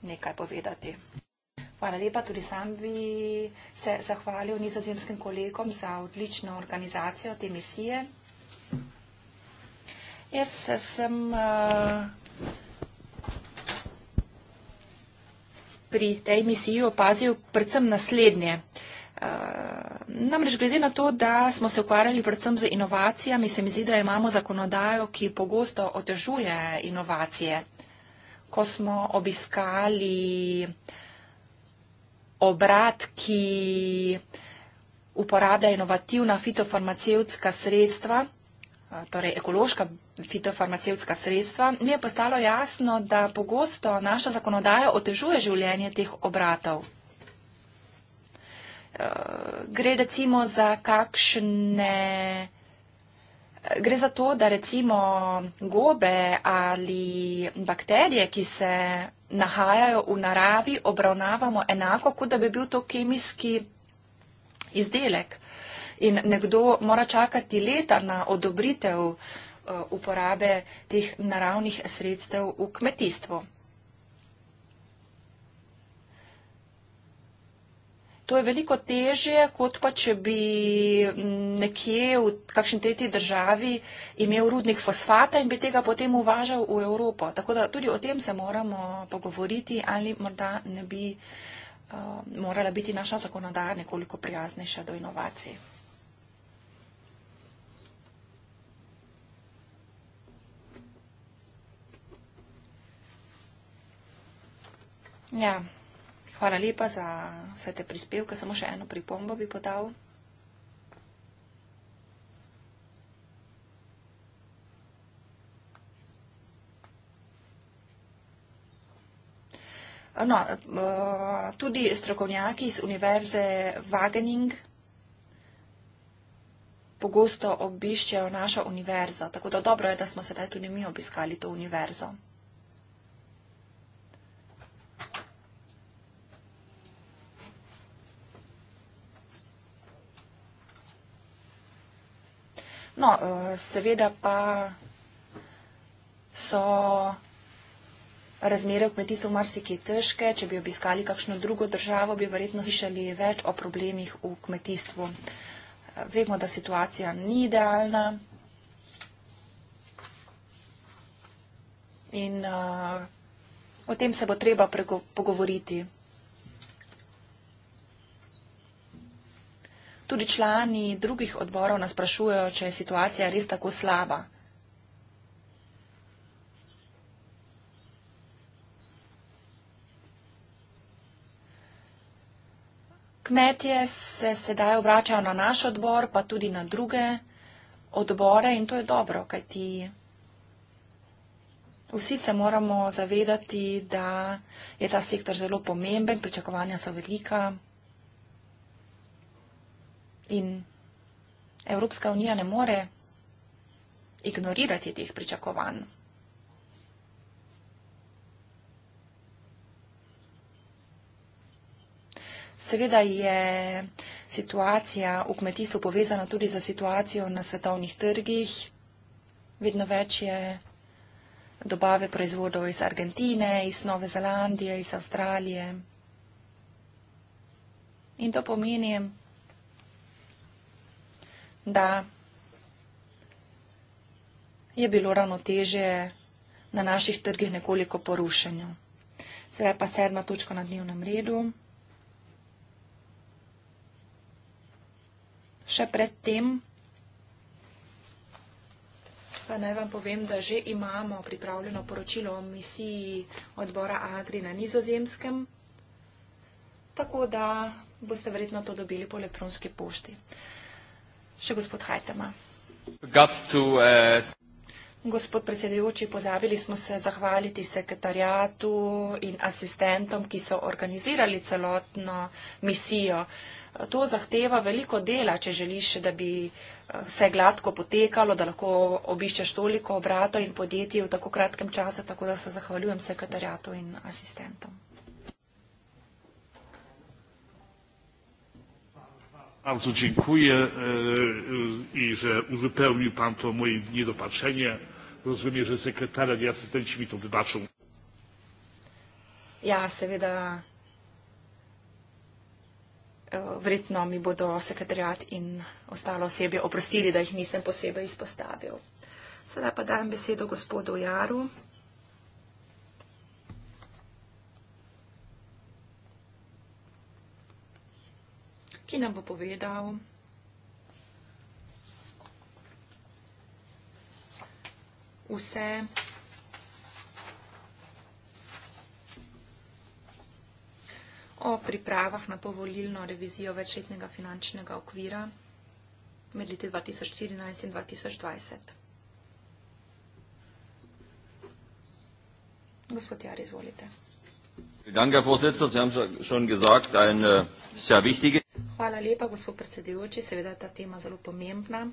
nekaj povedati. Hvala lepa, tudi sam bi se zahvalil nizozemskim kolegom za odlično organizacijo te misije. Jaz sem. Uh, pri tej misiji opazil predvsem naslednje. Uh, namreč glede na to, da smo se ukvarjali predvsem z inovacijami, se mi zdi, da imamo zakonodajo, ki pogosto otežuje inovacije. Ko smo obiskali obrat, ki uporablja inovativna fitofarmacevtska sredstva, Eh, torej ekološka fitofarmacevtska sredstva, mi je postalo jasno, da pogosto naša zakonodaja otežuje življenje teh obratov. Eh, gre recimo za kakšne. Eh, gre za to, da recimo gobe ali bakterije, ki se nahajajo v naravi, obravnavamo enako, kot da bi bil to kemijski izdelek in nekdo mora čakati leta na odobritev eh, uporabe teh naravnih sredstev v kmetijstvu. To je veliko težje, kot pa če bi mm, nekje v kakšni tretji državi imel rudnik fosfata in bi tega potem uvažal v Evropo. Tako da tudi o tem se moramo pogovoriti, ali morda ne bi uh, morala biti naša zakonodaja nekoliko prijaznejša do inovacij. Ja. Hvala lepa za vse te prispevke. Samo še eno pripombo bi podal. No, eh, tudi strokovnjaki iz univerze Wagening pogosto obiščejo našo univerzo, tako da dobro je, da smo sedaj tudi mi obiskali to univerzo. No, eh, seveda pa so razmere v kmetijstvu marsikaj težke. Če bi obiskali kakšno drugo državo, bi verjetno slišali več o problemih v kmetijstvu. Eh, vemo, da situacija ni idealna. In uh, o tem se bo treba pogovoriti. Tudi člani drugih odborov nas sprašujejo, če je situacija res tako slaba. Kmetje se sedaj obračajo na naš odbor, pa tudi na druge odbore in to je dobro, kajti vsi se moramo zavedati, da je ta sektor zelo pomemben, pričakovanja so velika. In Evropska unija ne more ignorirati teh pričakovanj. Seveda je situacija v kmetijstvu povezana tudi za situacijo na svetovnih trgih. Vedno več je dobave proizvodov iz Argentine, iz Nove Zelandije, iz Avstralije. In to pomeni, da je bilo ravnotežje na naših trgih nekoliko porušeno. Sedaj pa sedma točka na dnevnem redu. Še predtem pa naj vam povem, da že imamo pripravljeno poročilo o misiji odbora Agri na nizozemskem, tako da boste verjetno to dobili po elektronski pošti. Še gospod Hajtema. Uh, gospod predsedujoči, pozabili smo se zahvaliti sekretarjatu in asistentom, ki so organizirali celotno misijo. To zahteva veliko dela, če želiš, da bi uh, vse gladko potekalo, da lahko obiščeš toliko obrato in podjetij v tako kratkem času, tako da se zahvaljujem sekretarjatu in asistentom. Bardzo dziękuję e, e, i że uzupełnił Pan to moje niedopatrzenie. Rozumiem, że sekretarze i asystenci mi to wybaczą. Ja, seveda, e, verjetno mi bodo sekretariat in ostalo osebje oprostili, da jih nisem posebej izpostavil. Sedaj pa dajem besedo gospodu Jaru. ki nam bo povedal. Vse. O pripravah na povolilno revizijo večletnega finančnega okvira med leti 2014 in 2020. Gospod Jar, izvolite. Danke, Herr Vorsitzender. Sie haben schon gesagt, ein sehr wichtiges. Hvala lepa, gospod predsedujoči. Seveda je ta tema zelo pomembna.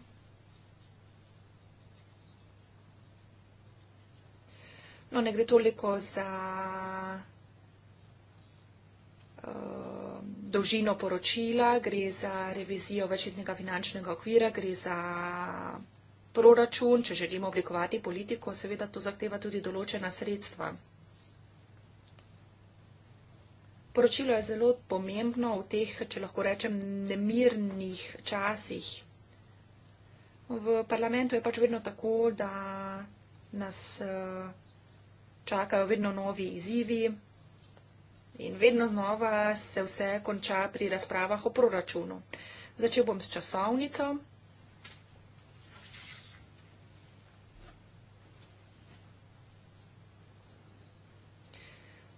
No, ne gre toliko za uh, dolžino poročila, gre za revizijo večletnega finančnega okvira, gre za proračun, če želimo oblikovati politiko, seveda to zahteva tudi določena sredstva. Poročilo je zelo pomembno v teh, če lahko rečem, nemirnih časih. V parlamentu je pač vedno tako, da nas eh, čakajo vedno novi izzivi in vedno znova se vse konča pri razpravah o proračunu. Začel bom s časovnicom.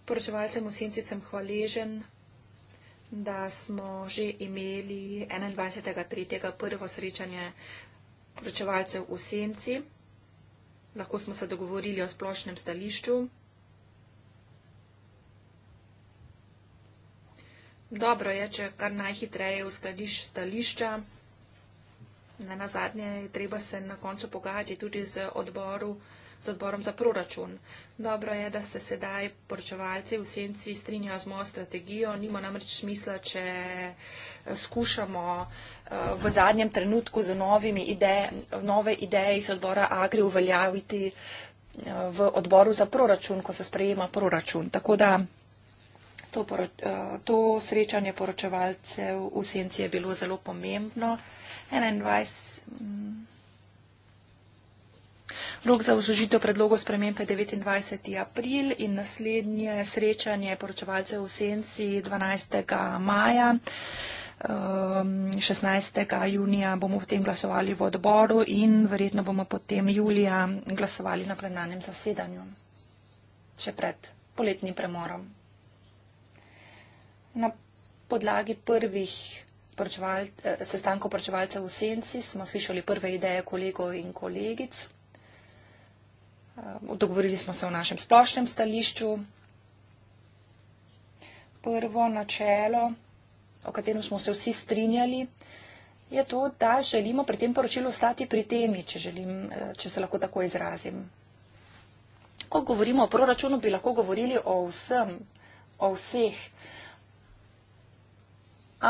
poročevalcem v Sencicem hvaležen, da smo že imeli 21.3. prvo srečanje poročevalcev v Senci. Lahko smo se dogovorili o splošnem stališču. Dobro je, če kar najhitreje uskladiš stališča. Na nazadnje je treba se na koncu pogajati tudi z odboru z odborom za proračun. Dobro je, da se sedaj poročevalci v senci strinjajo z mojo strategijo. Nima namreč smisla, če eh, skušamo eh, v zadnjem trenutku z novimi idejami, nove ideje iz odbora Agri uveljaviti eh, v odboru za proračun, ko se sprejema proračun. Tako da to, poro, to srečanje poročevalcev v senci je bilo zelo pomembno. 21. Rok za vzložitev predlogov sprememb je 29. april in naslednje srečanje poročevalcev v Senci 12. maja. 16. Ehm, junija bomo potem glasovali v odboru in verjetno bomo potem julija glasovali na plenarnem zasedanju, še pred poletnim premorom. Na podlagi prvih eh, sestankov poročevalcev v Senci smo slišali prve ideje kolegov in kolegic. Ehm, dogovorili smo se v našem splošnem stališču. Prvo načelo, o katerem smo se vsi strinjali, je to, da želimo pri tem poročilu ostati pri temi, če, želim, eh, če se lahko tako izrazim. Ko govorimo o proračunu, bi lahko govorili o vsem, o vseh.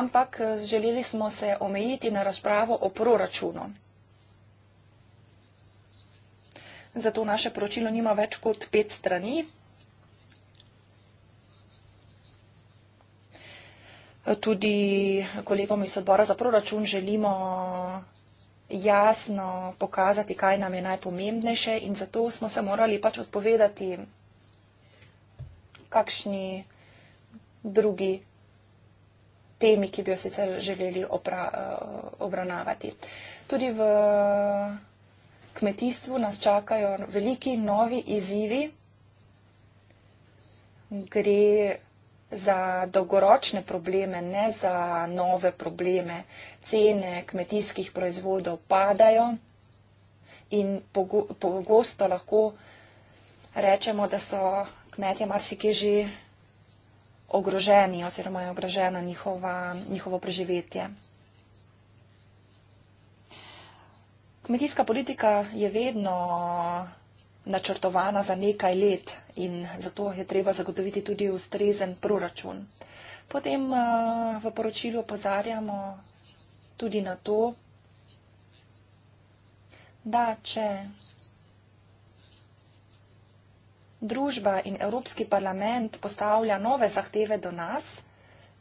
Ampak eh, želeli smo se omejiti na razpravo o proračunu. zato naše poročilo nima več kot pet strani. Tudi kolegom iz odbora za proračun želimo jasno pokazati, kaj nam je najpomembnejše in zato smo se morali pač odpovedati, kakšni drugi temi, ki bi jo sicer želeli obra obravnavati. Tudi v kmetijstvu nas čakajo veliki novi izzivi. Gre za dolgoročne probleme, ne za nove probleme. Cene kmetijskih proizvodov padajo in pogosto lahko rečemo, da so kmetje marsikaj že ogroženi oziroma je ogrožena njihovo preživetje. Kmetijska politika je vedno načrtovana za nekaj let in zato je treba zagotoviti tudi ustrezen proračun. Potem eh, v poročilu opozarjamo tudi na to, da če družba in Evropski parlament postavlja nove zahteve do nas,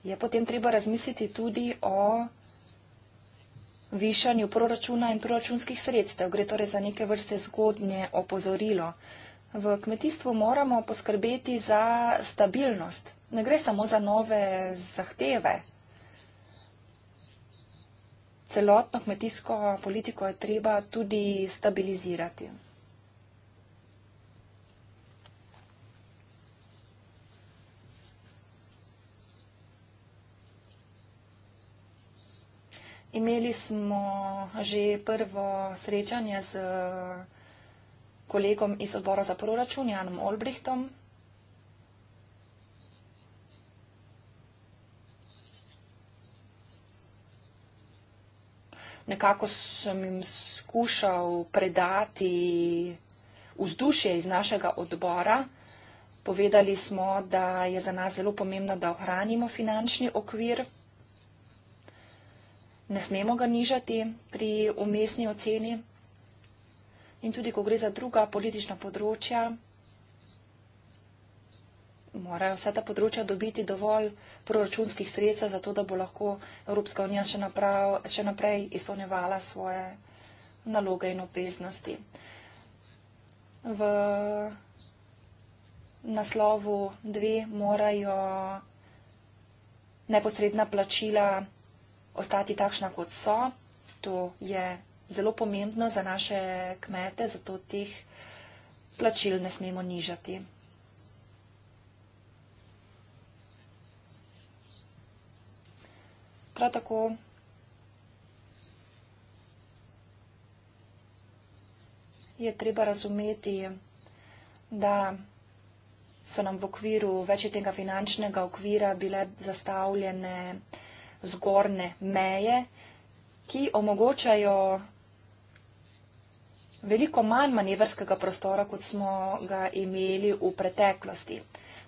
je potem treba razmisliti tudi o višanju proračuna in proračunskih sredstev. Gre torej za neke vrste zgodnje opozorilo. V kmetijstvu moramo poskrbeti za stabilnost. Ne gre samo za nove zahteve. Celotno kmetijsko politiko je treba tudi stabilizirati. Imeli smo že prvo srečanje z kolegom iz odbora za proračun, Janom Olbrihtom. Nekako sem jim skušal predati vzdušje iz našega odbora. Povedali smo, da je za nas zelo pomembno, da ohranimo finančni okvir ne smemo ga nižati pri umestni oceni. In tudi, ko gre za druga politična področja, morajo vsa ta področja dobiti dovolj proračunskih sredstev, zato da bo lahko Evropska unija še, naprav, še naprej izpolnevala svoje naloge in obveznosti. V naslovu dve morajo neposredna plačila ostati takšna, kot so. To je zelo pomembno za naše kmete, zato teh plačil ne smemo nižati. Prav tako je treba razumeti, da so nam v okviru večjega finančnega okvira bile zastavljene zgorne meje, ki omogočajo veliko manj manevrskega prostora, kot smo ga imeli v preteklosti.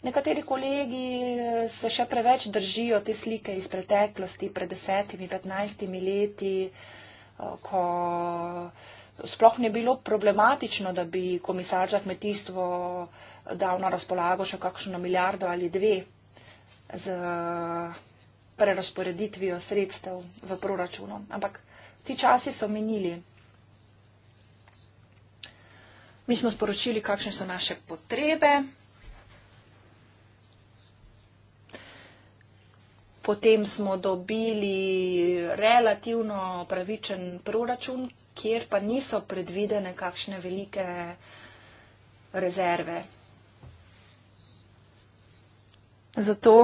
Nekateri kolegi se še preveč držijo te slike iz preteklosti, pred desetimi, petnajstimi leti, eh, ko sploh ne bilo problematično, da bi komisar za kmetijstvo dal na razpolago še kakšno milijardo ali dve z prerasporeditvijo sredstev v proračunu. Ampak ti časi so menili. Mi smo sporočili, kakšne so naše potrebe. Potem smo dobili relativno pravičen proračun, kjer pa niso predvidene kakšne velike rezerve. Zato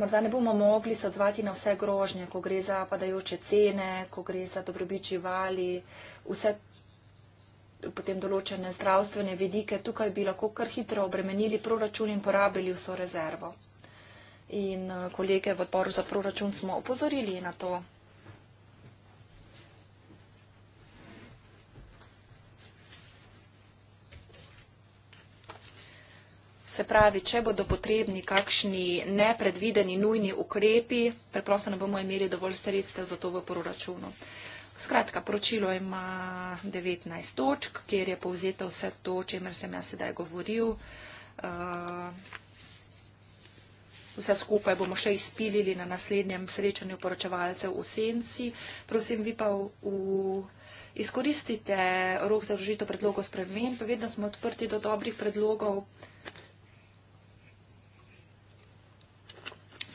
morda ne bomo mogli se odzvati na vse grožnje, ko gre za padajoče cene, ko gre za dobrobit živali, vse potem določene zdravstvene vedike, tukaj bi lahko kar hitro obremenili proračun in porabili vso rezervo. In eh, kolege v odboru za proračun smo opozorili na to. Se pravi, če bodo potrebni kakšni nepredvideni nujni ukrepi, preprosto ne bomo imeli dovolj sredstev za to v proračunu. Skratka, poročilo ima 19 točk, kjer je povzeto vse to, o čemer sem jaz sedaj govoril. Eh, vse skupaj bomo še izpilili na naslednjem srečanju poročevalcev v Senci. Prosim, vi pa v. Izkoristite rok za vložitev predlogov spremenb, vedno smo odprti do dobrih predlogov.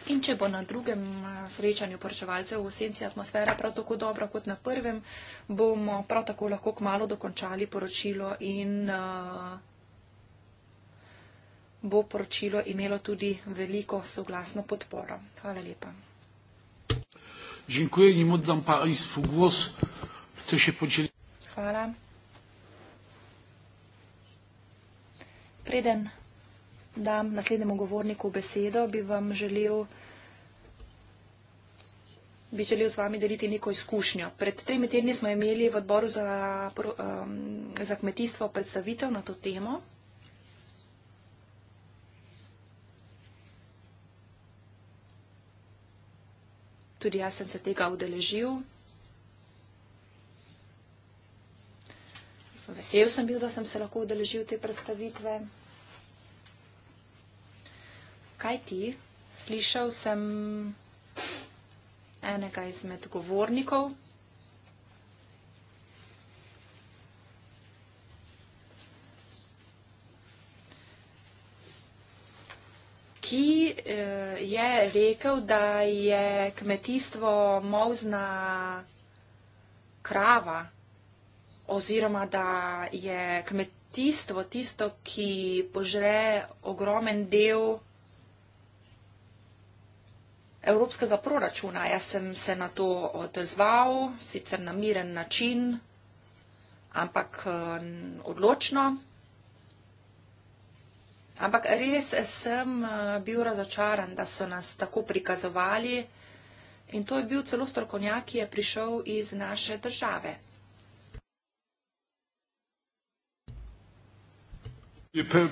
In če bo na drugem eh, srečanju poročevalcev v senci atmosfera prav tako dobra kot na prvem, bomo prav tako lahko k malu dokončali poročilo in uh, bo poročilo imelo tudi veliko soglasno podporo. Hvala lepa. Hvala. Preden dam naslednjemu govorniku besedo, bi vam želel, bi želel z vami deliti neko izkušnjo. Pred tremi tedni smo imeli v odboru za, um, za kmetijstvo predstavitev na to temo. Tudi jaz sem se tega udeležil. Vesel sem bil, da sem se lahko udeležil te predstavitve. Kaj ti? Slišal sem enega izmed govornikov. ki eh, je rekel, da je kmetijstvo mozna krava oziroma da je kmetijstvo tisto, ki požre ogromen del evropskega proračuna. Jaz sem se na to odzval, sicer na miren način, ampak eh, odločno. Ampak res sem eh, bil razočaran, da so nas tako prikazovali in to je bil celo strokovnjak, ki je prišel iz naše države.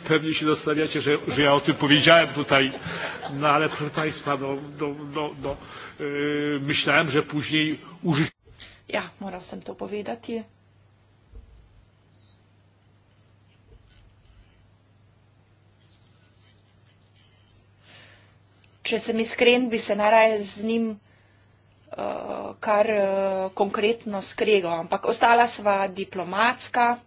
Pewnie się zastanawiacie, że, że ja o tym powiedziałem tutaj, no ale proszę Państwa, no, no, no, no, yy, myślałem, że później użyć. Ja moram to powiedzieć. Je. Če sem iskren, bi se najraje z njim uh, kar uh, konkretno skregal, ampak ostala sva diplomatska.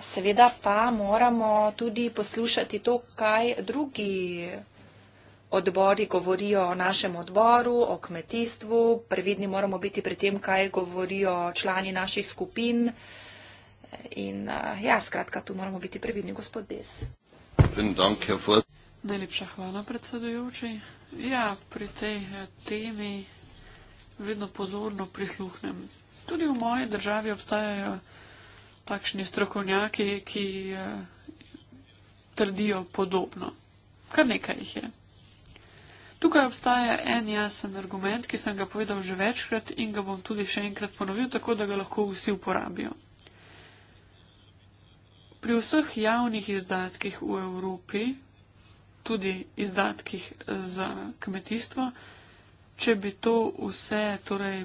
Seveda pa moramo tudi poslušati to, kaj drugi odbori govorijo o našem odboru, o kmetijstvu. Previdni moramo biti pri tem, kaj govorijo člani naših skupin. In eh, ja, skratka, tu moramo biti previdni, gospod Bes. Najlepša hvala, predsedujoči. Ja, pri tej eh, temi vedno pozorno prisluhnem. Tudi v moji državi obstajajo takšni strokovnjaki, ki eh, trdijo podobno. Kar nekaj jih je. Tukaj obstaja en jasen argument, ki sem ga povedal že večkrat in ga bom tudi še enkrat ponovil, tako da ga lahko vsi uporabijo. Pri vseh javnih izdatkih v Evropi, tudi izdatkih za kmetijstvo, če bi to vse torej,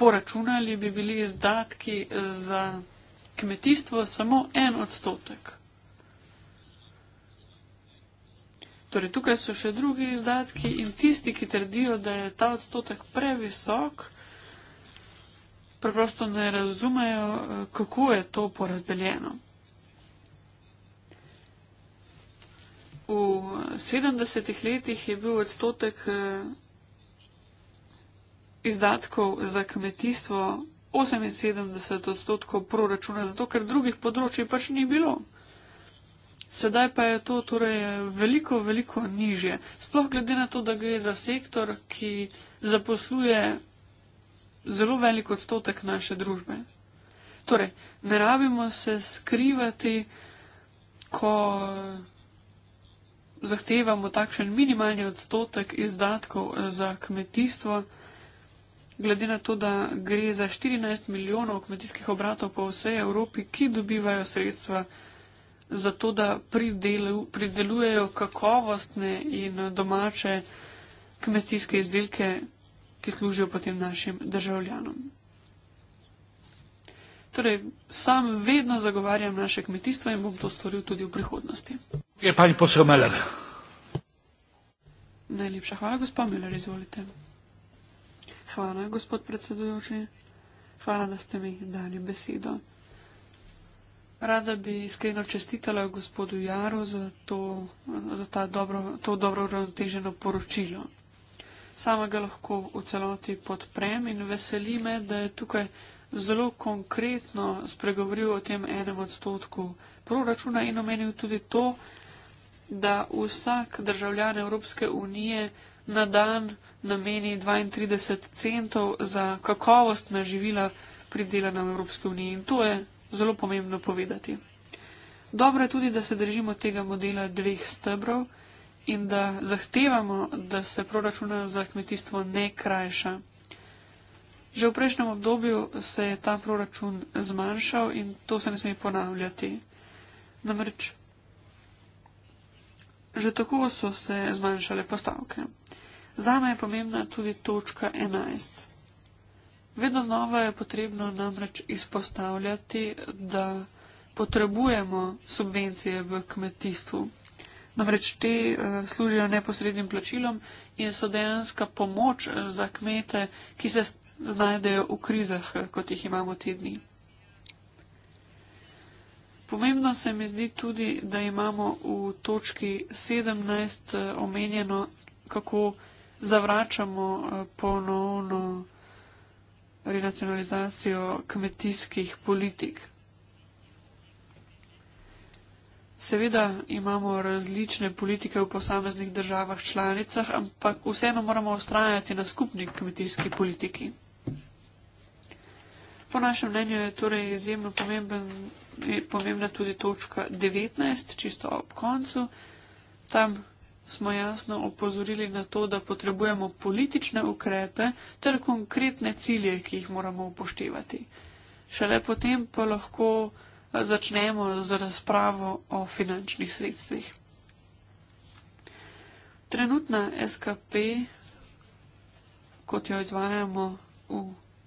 poračunali, bi bili izdatki za kmetijstvo kmetijstvo samo en odstotek. Torej, tukaj so še drugi izdatki in tisti, ki trdijo, da je ta odstotek previsok, preprosto ne razumejo, kako je to porazdeljeno. V 70-ih letih je bil odstotek eh, izdatkov za kmetijstvo 78 odstotkov proračuna, zato ker drugih področji pač ni bilo. Sedaj pa je to torej veliko, veliko nižje. Sploh glede na to, da gre za sektor, ki zaposluje zelo velik odstotek naše družbe. Torej, ne rabimo se skrivati, ko zahtevamo takšen minimalni odstotek izdatkov za kmetijstvo glede na to, da gre za 14 milijonov kmetijskih obratov po vsej Evropi, ki dobivajo sredstva za to, da pridelu, pridelujejo kakovostne in domače kmetijske izdelke, ki služijo potem našim državljanom. Torej, sam vedno zagovarjam naše kmetijstvo in bom to storil tudi v prihodnosti. Je pa in posel Meller. Najlepša hvala, gospod Miller, izvolite. Hvala, gospod predsedujoči. Hvala, da ste mi dali besedo. Rada bi iskreno čestitala gospodu Jaru za to, za dobro, to dobro uravnoteženo poročilo. Sama ga lahko v celoti podprem in veseli me, da je tukaj zelo konkretno spregovoril o tem enem odstotku proračuna in omenil tudi to, da vsak državljan Evropske unije na dan nameni 32 centov za kakovostna živila pridelana v Evropski uniji in to je zelo pomembno povedati. Dobro je tudi, da se držimo tega modela dveh stebrov in da zahtevamo, da se proračuna za kmetijstvo ne krajša. Že v prejšnjem obdobju se je ta proračun zmanjšal in to se ne sme ponavljati. Namreč, že tako so se zmanjšale postavke. Zame je pomembna tudi točka 11. Vedno znova je potrebno namreč izpostavljati, da potrebujemo subvencije v kmetijstvu. Namreč te eh, služijo neposrednim plačilom in so dejanska pomoč eh, za kmete, ki se znajdejo v krizah, eh, kot jih imamo te dni. Pomembno se mi zdi tudi, da imamo v točki 17 omenjeno, kako zavračamo eh, ponovno renacionalizacijo kmetijskih politik. Seveda imamo različne politike v posameznih državah članicah, ampak vseeno moramo ustrajati na skupni kmetijski politiki. Po našem mnenju je torej izjemno pomemben, je pomembna tudi točka 19, čisto ob koncu. Tam smo jasno opozorili na to, da potrebujemo politične ukrepe ter konkretne cilje, ki jih moramo upoštevati. Šele potem pa lahko eh, začnemo z razpravo o finančnih sredstvih. Trenutna SKP, kot jo izvajamo v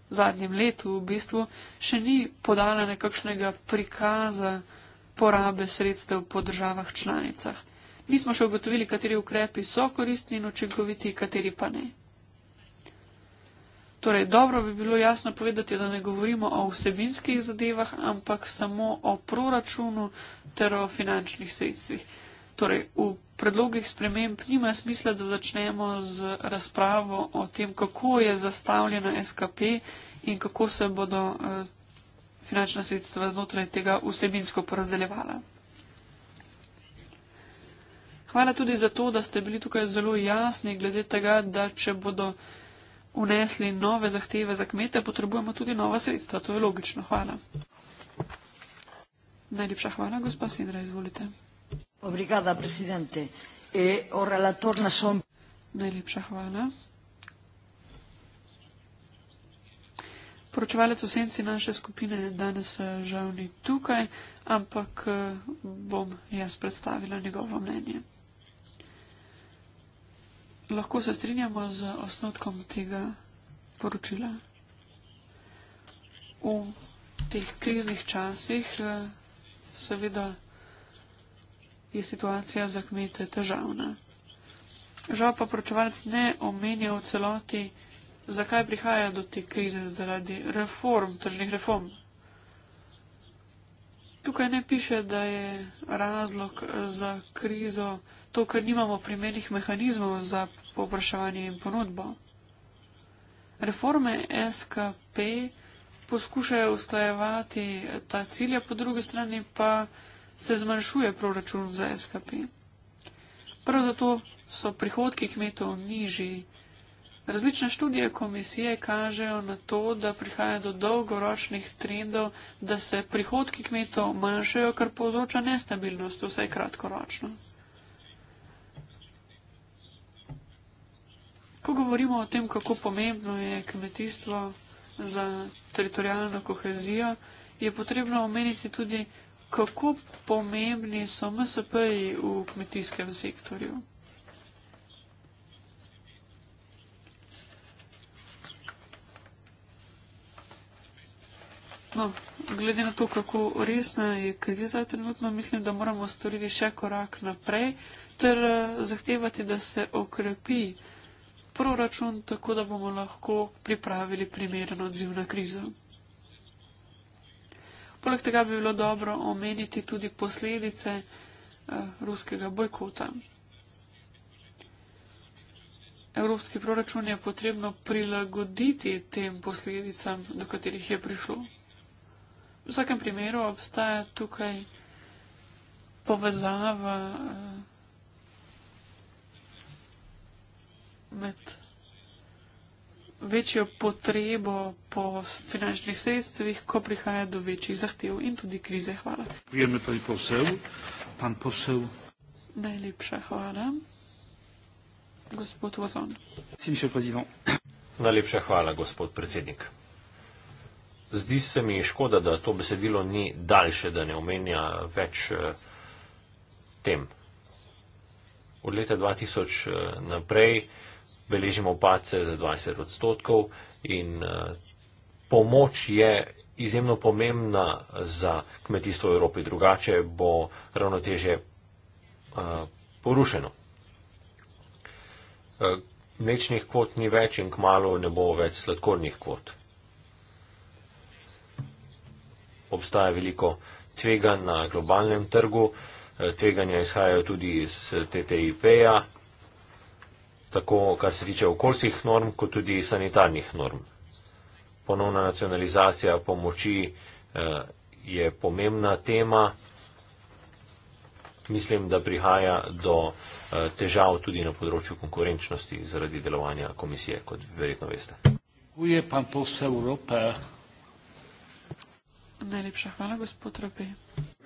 zadnjem letu, v bistvu še ni podala nekakšnega prikaza porabe sredstev po državah članicah nismo še ugotovili, kateri ukrepi so koristni in učinkoviti, kateri pa ne. Torej, dobro bi bilo jasno povedati, da ne govorimo o vsebinskih zadevah, ampak samo o proračunu ter o finančnih sredstvih. Torej, v predlogih sprememb nima smisla, da začnemo z razpravo o tem, kako je zastavljena SKP in kako se bodo eh, finančna sredstva znotraj tega vsebinsko porazdeljevala. Hvala tudi za to, da ste bili tukaj zelo jasni glede tega, da če bodo unesli nove zahteve za kmete, potrebujemo tudi nova sredstva. To je logično. Hvala. Najlepša hvala, gospa Sindra, izvolite. Obrigada, presidente. E, o relator na som. Najlepša hvala. Poročevalec v senci naše skupine danes eh, žal ni tukaj, ampak eh, bom jaz predstavila njegovo mnenje lahko se strinjamo z osnotkom tega poročila. V teh kriznih časih eh, seveda je situacija za kmete težavna. Žal pa poročevalc ne omenja v celoti, zakaj prihaja do te krize zaradi reform, tržnih reform. Tukaj ne piše, da je razlog za krizo to, ker nimamo primernih mehanizmov za povpraševanje in ponudbo. Reforme SKP poskušajo ustajevati ta cilja, po drugi strani pa se zmanjšuje proračun za SKP. Prav zato so prihodki kmetov nižji. Različne študije komisije kažejo na to, da prihaja do dolgoročnih trendov, da se prihodki kmetov manjšajo, kar povzroča nestabilnost, vsaj kratkoročno. Ko govorimo o tem, kako pomembno je kmetijstvo za teritorijalno kohezijo, je potrebno omeniti tudi, kako pomembni so MSP-ji v kmetijskem sektorju. No, glede na to, kako resna je kriza trenutno, mislim, da moramo storiti še korak naprej ter eh, zahtevati, da se okrepi proračun, tako da bomo lahko pripravili primeren odziv na krizo. Poleg tega bi bilo dobro omeniti tudi posledice eh, ruskega bojkota. Evropski proračun je potrebno prilagoditi tem posledicam, do katerih je prišlo. V vsakem primeru obstaja tukaj povezava. Eh, med večjo potrebo po finančnih sredstvih, ko prihaja do večjih zahtev in tudi krize. Hvala. Vijeme tudi posel, pan posel. Najlepša hvala. Gospod Vozon. Simšel pozivom. Najlepša hvala, gospod predsednik. Zdi se mi škoda, da to besedilo ni daljše, da ne omenja več eh, tem. Od leta 2000 eh, naprej beležimo opace za 20 odstotkov in eh, pomoč je izjemno pomembna za kmetijstvo v Evropi, drugače bo ravnoteže eh, porušeno. Eh, mlečnih kvot ni več in kmalo ne bo več sladkornih kvot. Obstaja veliko tvega na globalnem trgu, tveganja izhajajo tudi iz TTIP-ja tako kar se tiče okoljskih norm, kot tudi sanitarnih norm. Ponovna nacionalizacija pomoči eh, je pomembna tema. Mislim, da prihaja do eh, težav tudi na področju konkurenčnosti zaradi delovanja komisije, kot verjetno veste. Najlepša hvala, gospod Ropi.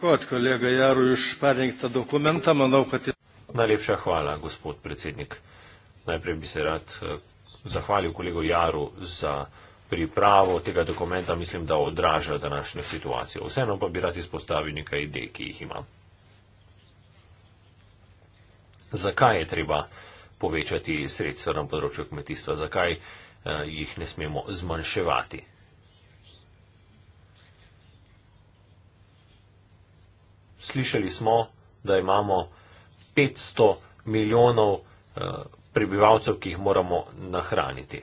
Kot kolega Jaruš, parnik ta dokumenta, manovkati. Najlepša hvala, gospod predsednik. Najprej bi se rad eh, zahvalil kolegu Jaru za pripravo tega dokumenta, mislim, da odraža današnjo situacijo. Vseeno pa bi rad izpostavil nekaj idej, ki jih imam. Zakaj je treba povečati sredstva na področju kmetijstva? Zakaj eh, jih ne smemo zmanjševati? Slišali smo, da imamo 500 milijonov eh, prebivalcev, ki jih moramo nahraniti.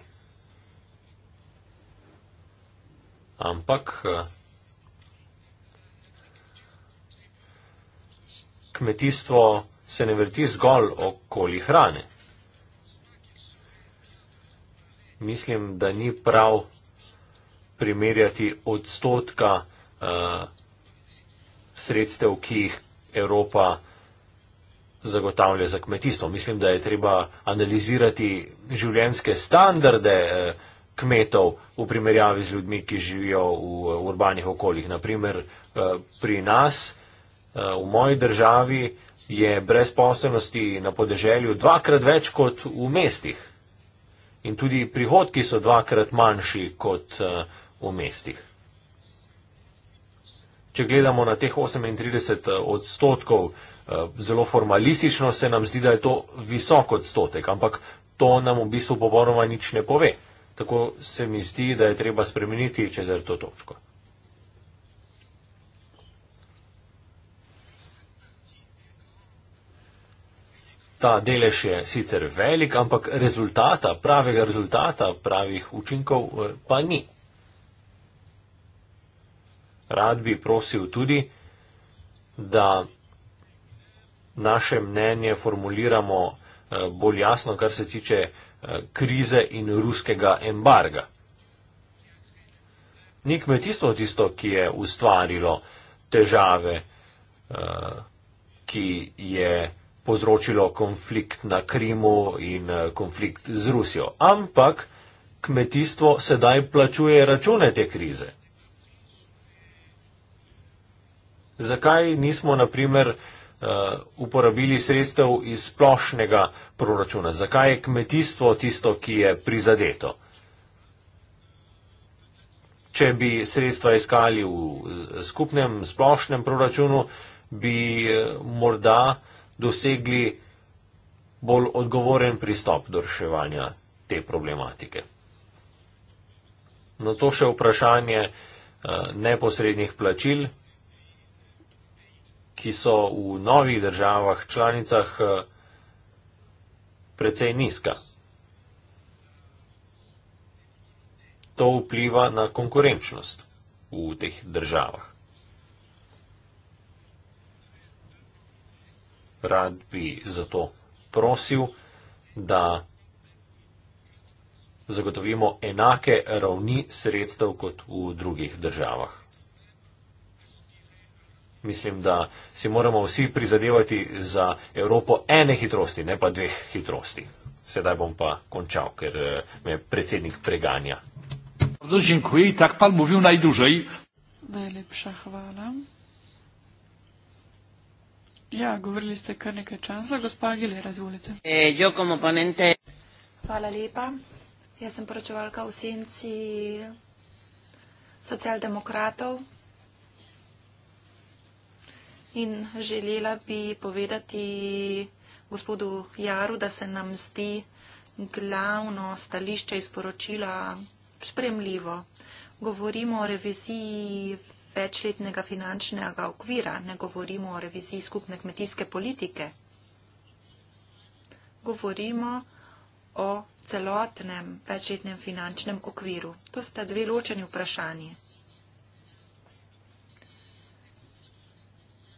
Ampak eh, kmetijstvo se ne vrti zgolj okoli hrane. Mislim, da ni prav primerjati odstotka uh, sredstev, ki jih Evropa uh, zagotavlja za kmetijstvo. Mislim, da je treba analizirati življenjske standarde eh, kmetov v primerjavi z ljudmi, ki živijo v eh, urbanih okoljih. Naprimer, eh, pri nas, v moji državi, je brezposobnosti na podeželju dvakrat več kot v mestih. In tudi prihodki so dvakrat manjši kot v mestih. Če gledamo na teh 38 odstotkov, Eh, zelo formalistično se nam zdi, da je to visok odstotek, ampak to nam v bistvu popolnoma nič ne pove. Tako se mi zdi, da je treba spremeniti četrto točko. Ta delež je sicer velik, ampak rezultata, pravega rezultata, pravih učinkov eh, pa ni. Rad bi prosil tudi, da naše mnenje formuliramo eh, bolj jasno, kar se tiče eh, krize in ruskega embarga. Ni kmetijstvo tisto, ki je ustvarilo težave, eh, ki je povzročilo konflikt na Krimu in konflikt z Rusijo, ampak kmetijstvo sedaj plačuje račune te krize. Zakaj nismo, na primer, Eh, uporabili sredstev iz splošnega proračuna? Zakaj je kmetijstvo tisto, ki je prizadeto? Če bi sredstva iskali v eh, skupnem splošnem proračunu, bi eh, morda dosegli bolj odgovoren pristop do reševanja te problematike. Na to še vprašanje neposrednih plačil ki so v novih državah članicah eh, precej nizka. To vpliva na konkurenčnost v teh državah. Rad bi zato prosil, da zagotovimo enake ravni sredstev kot v drugih državah mislim, da si moramo vsi prizadevati za Evropo ene hitrosti, ne pa dveh hitrosti. Sedaj bom pa končal, ker eh, me predsednik preganja. Zdravljenkuji, tak pa mluvil najdužej. Najlepša hvala. Ja, govorili ste kar nekaj časa, gospa Agile, razvolite. E, hvala lepa. Jaz sem poročevalka v senci socialdemokratov. In želela bi povedati gospodu Jaru, da se nam zdi glavno stališče iz poročila spremljivo. Govorimo o reviziji večletnega finančnega okvira, ne govorimo o reviziji skupne kmetijske politike. Govorimo o celotnem večletnem finančnem okviru. To sta dve ločeni vprašanje.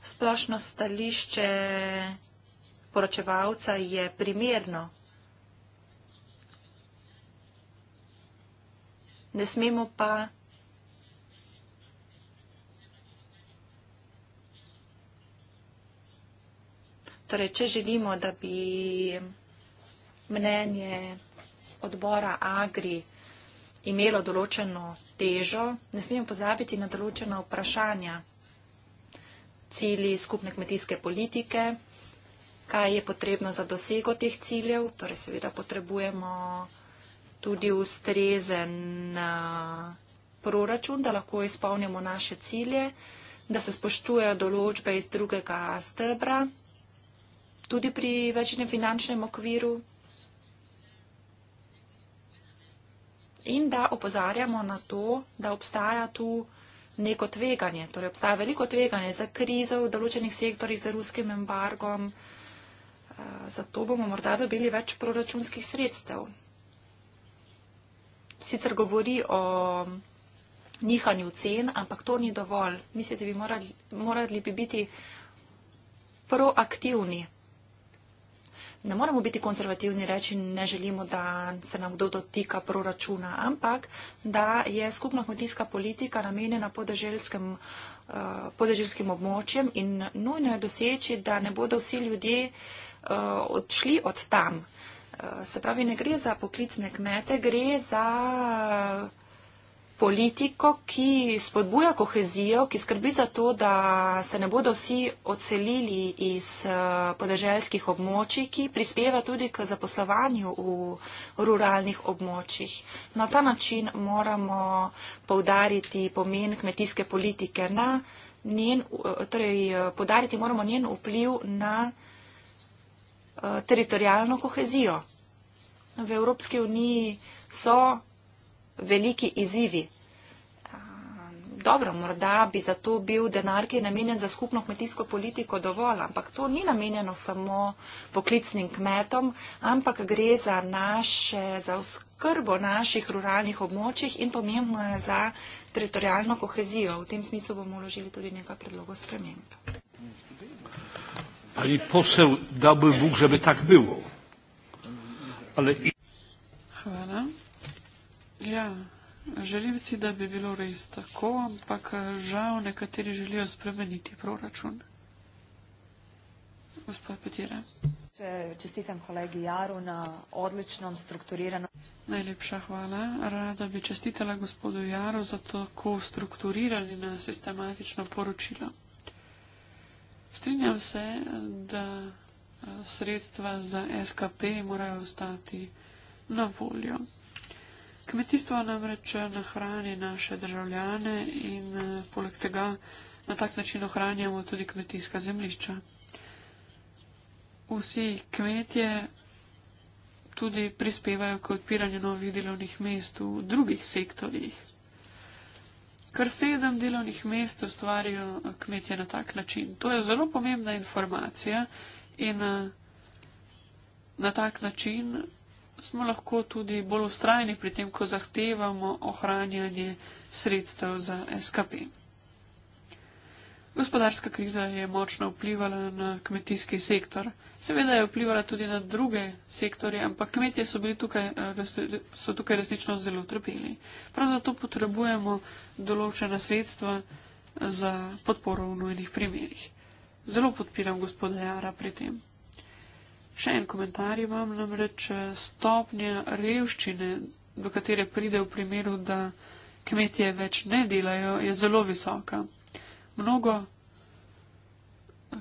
Splošno stališče poročevalca je primerno. Ne smemo pa Torej, če želimo, da bi mnenje odbora Agri imelo določeno težo, ne smemo pozabiti na določena vprašanja cilji skupne kmetijske politike, kaj je potrebno za dosego teh ciljev. Torej seveda potrebujemo tudi ustrezen proračun, da lahko izpolnimo naše cilje, da se spoštujejo določbe iz drugega stebra, tudi pri večnem finančnem okviru. In da opozarjamo na to, da obstaja tu neko tveganje. Torej, obstaja veliko tveganje za krizo v določenih sektorjih, za ruskim embargom. Eh, zato bomo morda dobili več proračunskih sredstev. Sicer govori o nihanju cen, ampak to ni dovolj. Mislite, bi morali, morali bi biti proaktivni ne moramo biti konzervativni in reči, ne želimo, da se nam kdo dotika proračuna, ampak da je skupna kmetijska politika namenjena podeželskim, eh, podeželskim območjem in nujno je doseči, da ne bodo vsi ljudje eh, odšli od tam. Eh, se pravi, ne gre za poklicne kmete, gre za politiko, ki spodbuja kohezijo, ki skrbi za to, da se ne bodo vsi odselili iz eh, podeželskih območij, ki prispeva tudi k zaposlovanju v ruralnih območjih. Na ta način moramo povdariti pomen kmetijske politike na njen, eh, torej eh, podariti moramo njen vpliv na teritorijalno kohezijo. V Evropski uniji so veliki izzivi. Ehm, dobro, morda bi za to bil denar, ki je namenjen za skupno kmetijsko politiko dovolj, ampak to ni namenjeno samo poklicnim kmetom, ampak gre za naše, za oskrbo naših ruralnih območij in pomembno je za teritorijalno kohezijo. V tem smislu bomo uložili tudi nekaj predlogov sprememb. Ali posel, da bi Bog, da bi tak bilo? Ali... Hvala. Ja, želim si, da bi bilo res tako, ampak žal nekateri želijo spremeniti proračun. Gospod Petira. Čestitam kolegi Jaru na odličnom strukturiranom. Najlepša hvala. Rada bi čestitala gospodu Jaru za tako strukturirani na sistematično poročilo. Strinjam se, da sredstva za SKP morajo ostati na voljo. Kmetijstvo namreč nahrani naše državljane in eh, poleg tega na tak način ohranjamo tudi kmetijska zemlišča. Vsi kmetje tudi prispevajo k odpiranju novih delovnih mest v drugih sektorjih. Kar sedem delovnih mest ustvarijo eh, kmetje na tak način. To je zelo pomembna informacija in eh, na tak način smo lahko tudi bolj ustrajni pri tem, ko zahtevamo ohranjanje sredstev za SKP. Gospodarska kriza je močno vplivala na kmetijski sektor. Seveda je vplivala tudi na druge sektorje, ampak kmetje so, bili tukaj, eh, so tukaj resnično zelo trpeli. Prav zato potrebujemo določena sredstva za podporo v nujnih primerjih. Zelo podpiram gospoda Jara pri tem. Še en komentar imam namreč eh, stopnja revščine, do katere pride v primeru, da kmetje več ne delajo, je zelo visoka. Mnogo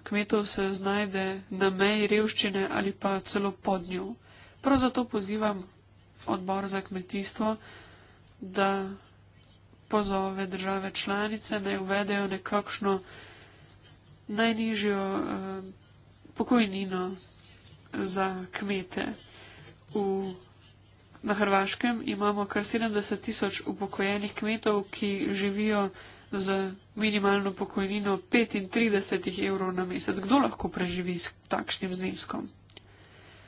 kmetov se znajde na meji revščine ali pa celo pod njo. Prav zato pozivam odbor za kmetijstvo, da pozove države članice, naj ne uvedejo nekakšno najnižjo eh, pokojnino za kmete. V, na Hrvaškem imamo kar 70 tisoč upokojenih kmetov, ki živijo z minimalno pokojnino 35 evrov na mesec. Kdo lahko preživi s takšnim zneskom?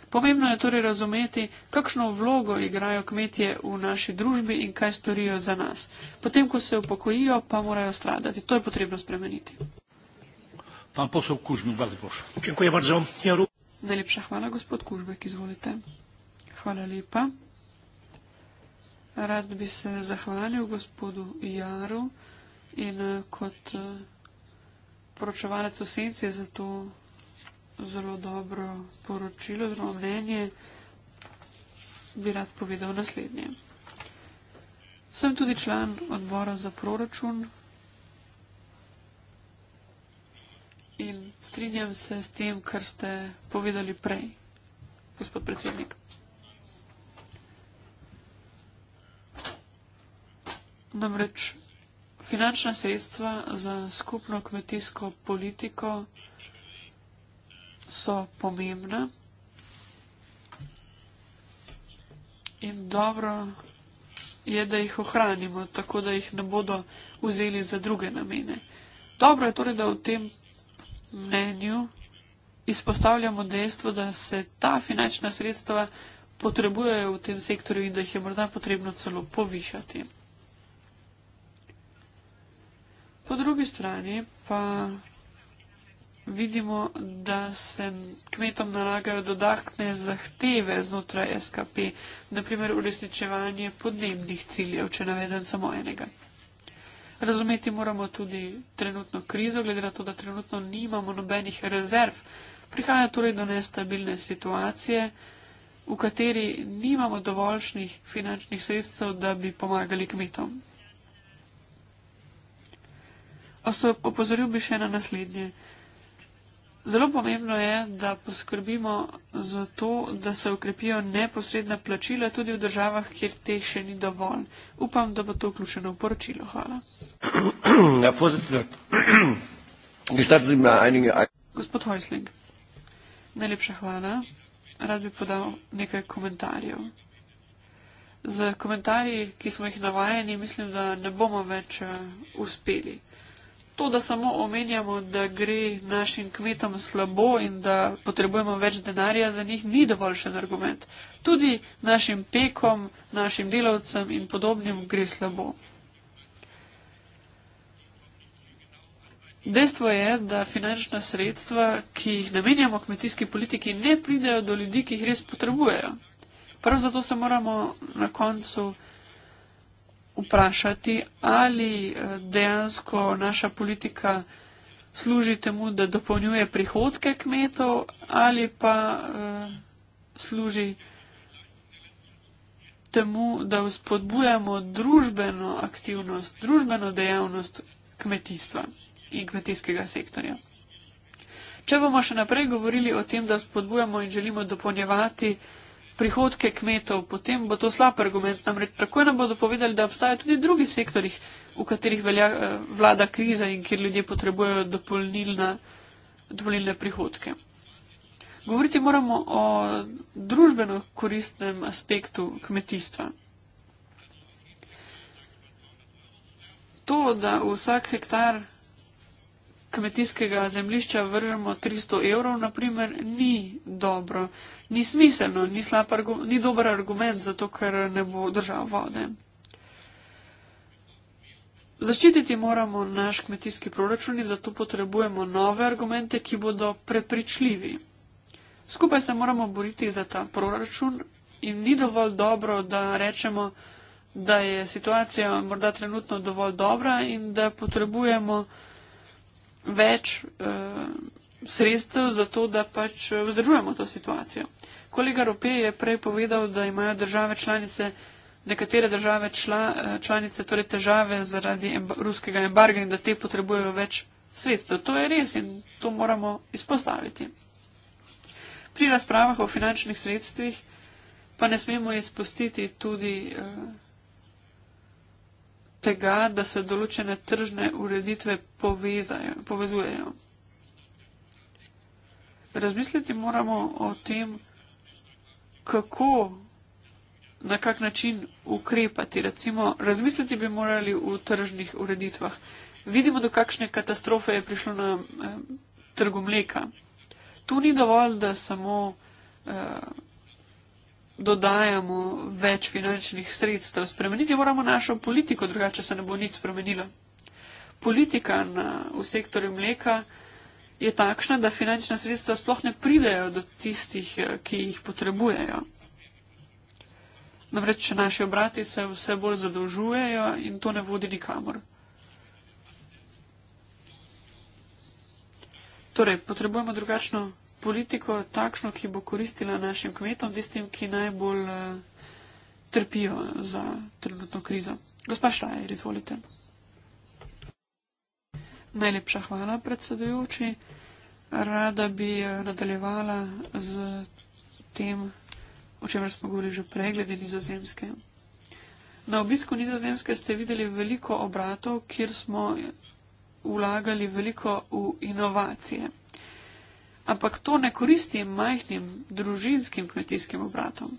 Pomembno je torej razumeti, kakšno vlogo igrajo kmetje v naši družbi in kaj storijo za nas. Potem, ko se upokojijo, pa morajo stradati. To je potrebno spremeniti. Pan posel Kužnju, Bazboš. Dziękuję bardzo. Ja Najlepša hvala, gospod Kužbek, izvolite. Hvala lepa. Rad bi se zahvalil gospodu Jaru in eh, kot eh, poročevalec v senci za to zelo dobro poročilo, zelo mnenje, bi rad povedal naslednje. Sem tudi član odbora za proračun in strinjam se s tem, kar ste povedali prej, gospod predsednik. Namreč finančna sredstva za skupno kmetijsko politiko so pomembna in dobro je, da jih ohranimo, tako da jih ne bodo vzeli za druge namene. Dobro je torej, da v tem mnenju izpostavljamo dejstvo, da se ta finančna sredstva potrebujejo v tem sektorju in da jih je morda potrebno celo povišati. Po drugi strani pa vidimo, da se kmetom nalagajo dodatne zahteve znotraj SKP, naprimer uresničevanje podnebnih ciljev, če navedem samo enega. Razumeti moramo tudi trenutno krizo, glede na to, da trenutno nimamo nobenih rezerv. Prihaja torej do nestabilne situacije, v kateri nimamo dovoljšnih finančnih sredstev, da bi pomagali kmetom. Oso, opozoril bi še na naslednje. Zelo pomembno je, da poskrbimo za to, da se ukrepijo neposredna plačila tudi v državah, kjer teh še ni dovolj. Upam, da bo to vključeno v poročilo. Hvala. Ja, Gospod Hojsling, najlepša hvala. Rad bi podal nekaj komentarjev. Z komentarji, ki smo jih navajeni, mislim, da ne bomo več eh, uspeli. To, da samo omenjamo, da gre našim kmetom slabo in da potrebujemo več denarja za njih, ni dovoljšen argument. Tudi našim pekom, našim delavcem in podobnim gre slabo. Dejstvo je, da finančna sredstva, ki jih namenjamo kmetijski politiki, ne pridejo do ljudi, ki jih res potrebujejo. Prav zato se moramo na koncu vprašati, ali eh, dejansko naša politika služi temu, da dopolnjuje prihodke kmetov ali pa eh, služi temu, da vzpodbujamo družbeno aktivnost, družbeno dejavnost kmetijstva in kmetijskega sektorja. Če bomo še naprej govorili o tem, da spodbujamo in želimo dopolnjevati eh, prihodke kmetov, potem bo to slab argument. Namreč takoj nam bodo povedali, da obstajajo tudi drugi sektori, v katerih velja eh, vlada kriza in kjer ljudje potrebujejo dopolnilna, dopolnilne prihodke. Govoriti moramo o družbeno koristnem aspektu kmetijstva. To, da vsak hektar kmetijskega zemljišča vržemo 300 evrov, naprimer, ni dobro, ni smiselno, ni, slab, ni dober argument, zato ker ne bo držal vode. Zaščititi moramo naš kmetijski proračun in zato potrebujemo nove argumente, ki bodo prepričljivi. Skupaj se moramo boriti za ta proračun in ni dovolj dobro, da rečemo, da je situacija morda trenutno dovolj dobra in da potrebujemo več uh, sredstev za to, da pač eh, vzdržujemo to situacijo. Kolega Rope je prej povedal, da imajo države članice, nekatere države čla, eh, članice torej težave zaradi emb ruskega embarga in da te potrebujejo več sredstev. To je res in to moramo izpostaviti. Pri razpravah o finančnih sredstvih pa ne smemo izpustiti tudi. Uh, tega, da se določene tržne ureditve povezajo, povezujejo. Razmisliti moramo o tem, kako, na kak način ukrepati. Recimo, razmisliti bi morali v tržnih ureditvah. Vidimo, do kakšne katastrofe je prišlo na eh, trgu mleka. Tu ni dovolj, da samo. Eh, dodajamo več finančnih sredstev. Spremeniti moramo našo politiko, drugače se ne bo nič spremenilo. Politika na, v sektorju mleka je takšna, da finančna sredstva sploh ne pridejo do tistih, eh, ki jih potrebujejo. Namreč naši obrati se vse bolj zadolžujejo in to ne vodi nikamor. Torej, potrebujemo drugačno politiko takšno, ki bo koristila našim kmetom, tistim, ki najbolj eh, trpijo za trenutno krizo. Gospa Šrajer, izvolite. Najlepša hvala, predsedujoči. Rada bi eh, nadaljevala z tem, o čemer smo govorili že prej, glede nizozemske. Na obisku nizozemske ste videli veliko obratov, kjer smo eh, vlagali veliko v inovacije ampak to ne koristi majhnim družinskim kmetijskim obratom.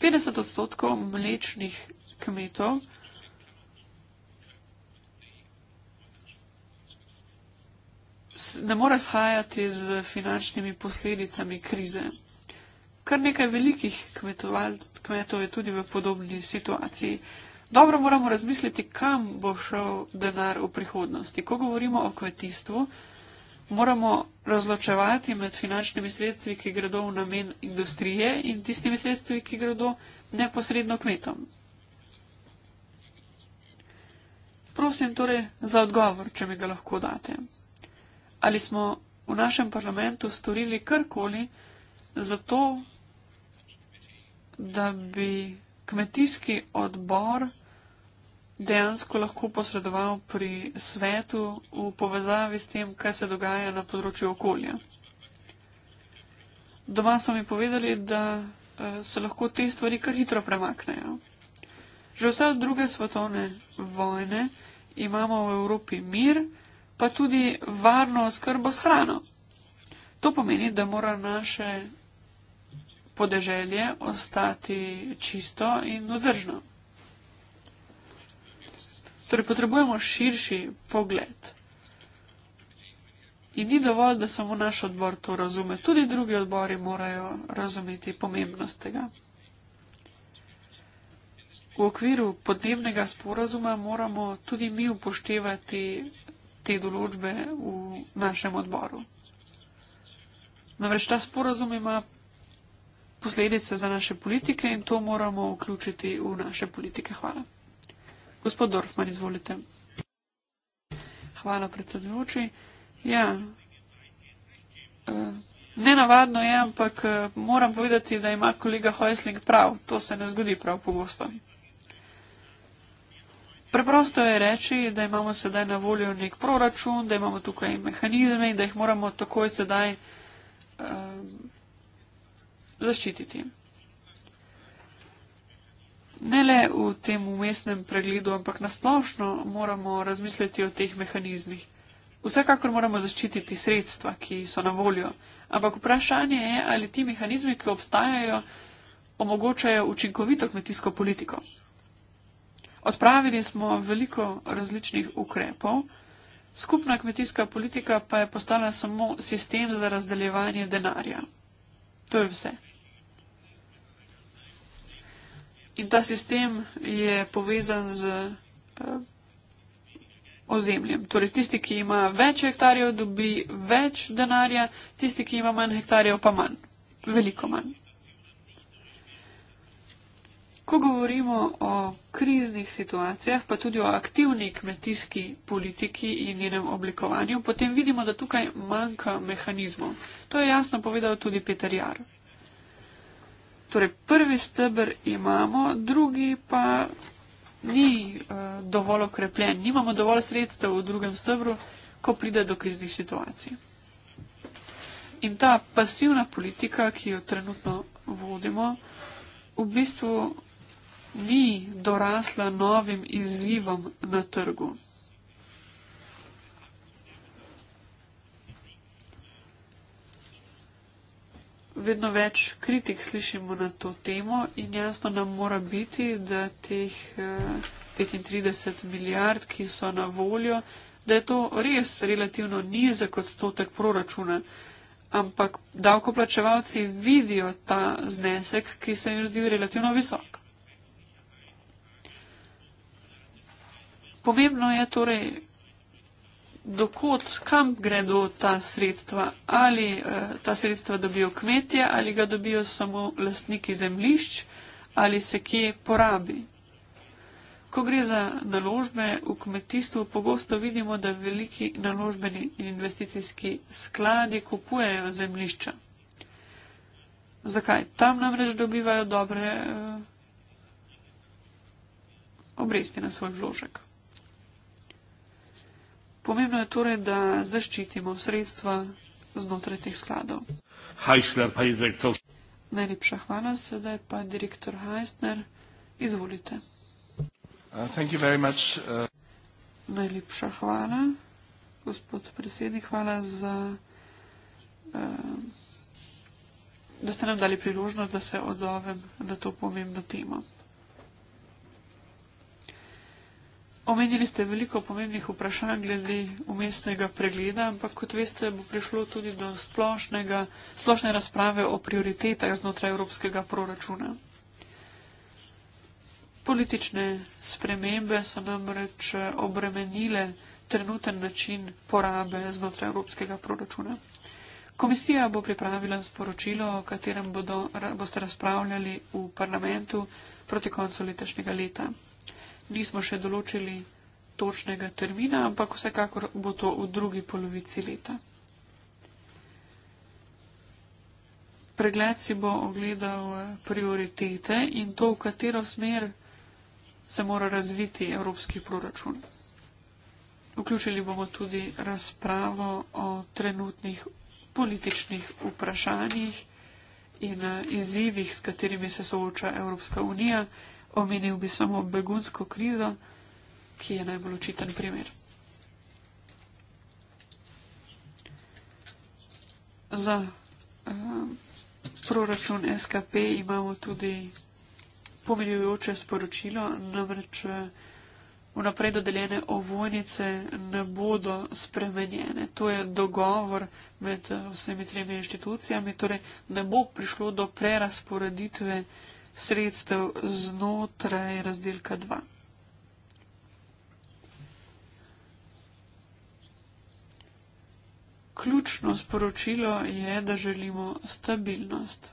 50 odstotkov mlečnih kmetov ne more shajati z finančnimi posledicami krize. Kar nekaj velikih kmetov je tudi v podobni situaciji. Dobro moramo razmisliti, kam bo šel denar v prihodnosti. Ko govorimo o kmetijstvu, moramo razločevati med finančnimi sredstvi, ki gredo v namen industrije in tistimi sredstvi, ki gredo neposredno kmetom. Prosim torej za odgovor, če mi ga lahko date. Ali smo v našem parlamentu storili karkoli za to, da bi kmetijski odbor dejansko lahko posredoval pri svetu v povezavi s tem, kaj se dogaja na področju okolja. Doma so mi povedali, da eh, se lahko te stvari kar hitro premaknejo. Že vse od druge svetovne vojne imamo v Evropi mir, pa tudi varno oskrbo s hrano. To pomeni, da mora naše podeželje ostati čisto in vzdržno. Torej potrebujemo širši pogled. In ni dovolj, da samo naš odbor to razume. Tudi drugi odbori morajo razumeti pomembnost tega. V okviru podnebnega sporazuma moramo tudi mi upoštevati te določbe v našem odboru. Namreč ta sporazum ima posledice za naše politike in to moramo vključiti v naše politike. Hvala. Gospod Dorfmar, izvolite. Hvala, predsedujoči. Ja, eh, nenavadno je, ampak eh, moram povedati, da ima kolega Hojsling prav. To se ne zgodi prav pogosto. Preprosto je reči, da imamo sedaj na voljo nek proračun, da imamo tukaj mehanizme in da jih moramo takoj sedaj um, zaščititi. Ne le v tem umestnem pregledu, ampak nasplošno moramo razmisliti o teh mehanizmih. Vsekakor moramo zaščititi sredstva, ki so na voljo, ampak vprašanje je, ali ti mehanizmi, ki obstajajo, omogočajo učinkovito kmetijsko politiko. Odpravili smo veliko različnih ukrepov, skupna kmetijska politika pa je postala samo sistem za razdeljevanje denarja. To je vse. In ta sistem je povezan z uh, ozemljem. Torej, tisti, ki ima več hektarjev, dobi več denarja, tisti, ki ima manj hektarjev, pa manj. Veliko manj. Ko govorimo o kriznih situacijah, pa tudi o aktivni kmetijski politiki in njenem oblikovanju, potem vidimo, da tukaj manjka mehanizmov. To je jasno povedal tudi Peter Jar. Torej, prvi stebr imamo, drugi pa ni uh, dovolj okrepljen, nimamo dovolj sredstev v drugem stebru, ko pride do kriznih situacij. In ta pasivna politika, ki jo trenutno vodimo, v bistvu ni dorasla novim izzivom na trgu. vedno več kritik slišimo na to temo in jasno nam mora biti, da teh 35 eh, milijard, ki so na voljo, da je to res relativno nizek odstotek proračuna. Ampak davkoplačevalci vidijo ta znesek, ki se jim zdi relativno visok. Pomembno je torej, dokot, kam gredo ta sredstva. Ali eh, ta sredstva dobijo kmetje, ali ga dobijo samo lastniki zemlišč, ali se kje porabi. Ko gre za naložbe v kmetijstvu, pogosto vidimo, da veliki naložbeni in investicijski skladi kupujejo zemlišča. Zakaj? Tam namreč dobivajo dobre eh, obresti na svoj vložek. Pomembno je torej, da zaščitimo sredstva znotraj teh skladov. Heisler pa je direktor. Najlepša hvala, sedaj pa direktor Heisner. Izvolite. Uh, thank you very much, uh... Najlepša hvala, gospod predsednik, hvala za, uh, da ste nam dali priložnost, da se odzovem na to pomembno temo. Omenili ste veliko pomembnih vprašanj glede umestnega pregleda, ampak kot veste, bo prišlo tudi do splošnega, splošne razprave o prioritetah znotraj evropskega proračuna. Politične spremembe so namreč obremenile trenuten način porabe znotraj evropskega proračuna. Komisija bo pripravila sporočilo, o katerem bodo, boste razpravljali v parlamentu proti koncu letošnjega leta nismo še določili točnega termina, ampak vsekakor bo to v drugi polovici leta. Pregled si bo ogledal eh, prioritete in to, v katero smer se mora razviti evropski proračun. Vključili bomo tudi razpravo o trenutnih političnih vprašanjih in eh, izzivih, s katerimi se sooča Evropska unija. Omenil bi samo begunsko krizo, ki je najbolj očiten primer. Za eh, proračun SKP imamo tudi pomenjujoče sporočilo, namreč eh, vnaprej dodeljene ovojnice ne bodo spremenjene. To je dogovor med eh, vsemi tremi inštitucijami, torej ne bo prišlo do prerasporeditve sredstev znotraj razdelka 2. Ključno sporočilo je, da želimo stabilnost.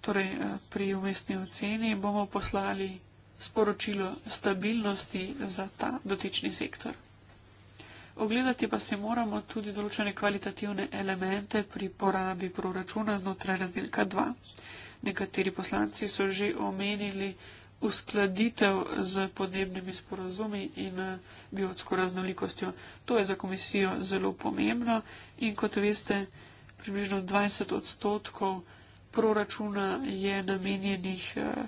Torej, eh, pri umestni oceni bomo poslali sporočilo stabilnosti za ta dotični sektor. Ogledati pa si moramo tudi določene kvalitativne elemente pri porabi proračuna znotraj razdelka 2. Nekateri poslanci so že omenili uskladitev z podnebnimi sporozumi in eh, biotsko raznolikostjo. To je za komisijo zelo pomembno in kot veste, približno 20 odstotkov proračuna je namenjenih eh,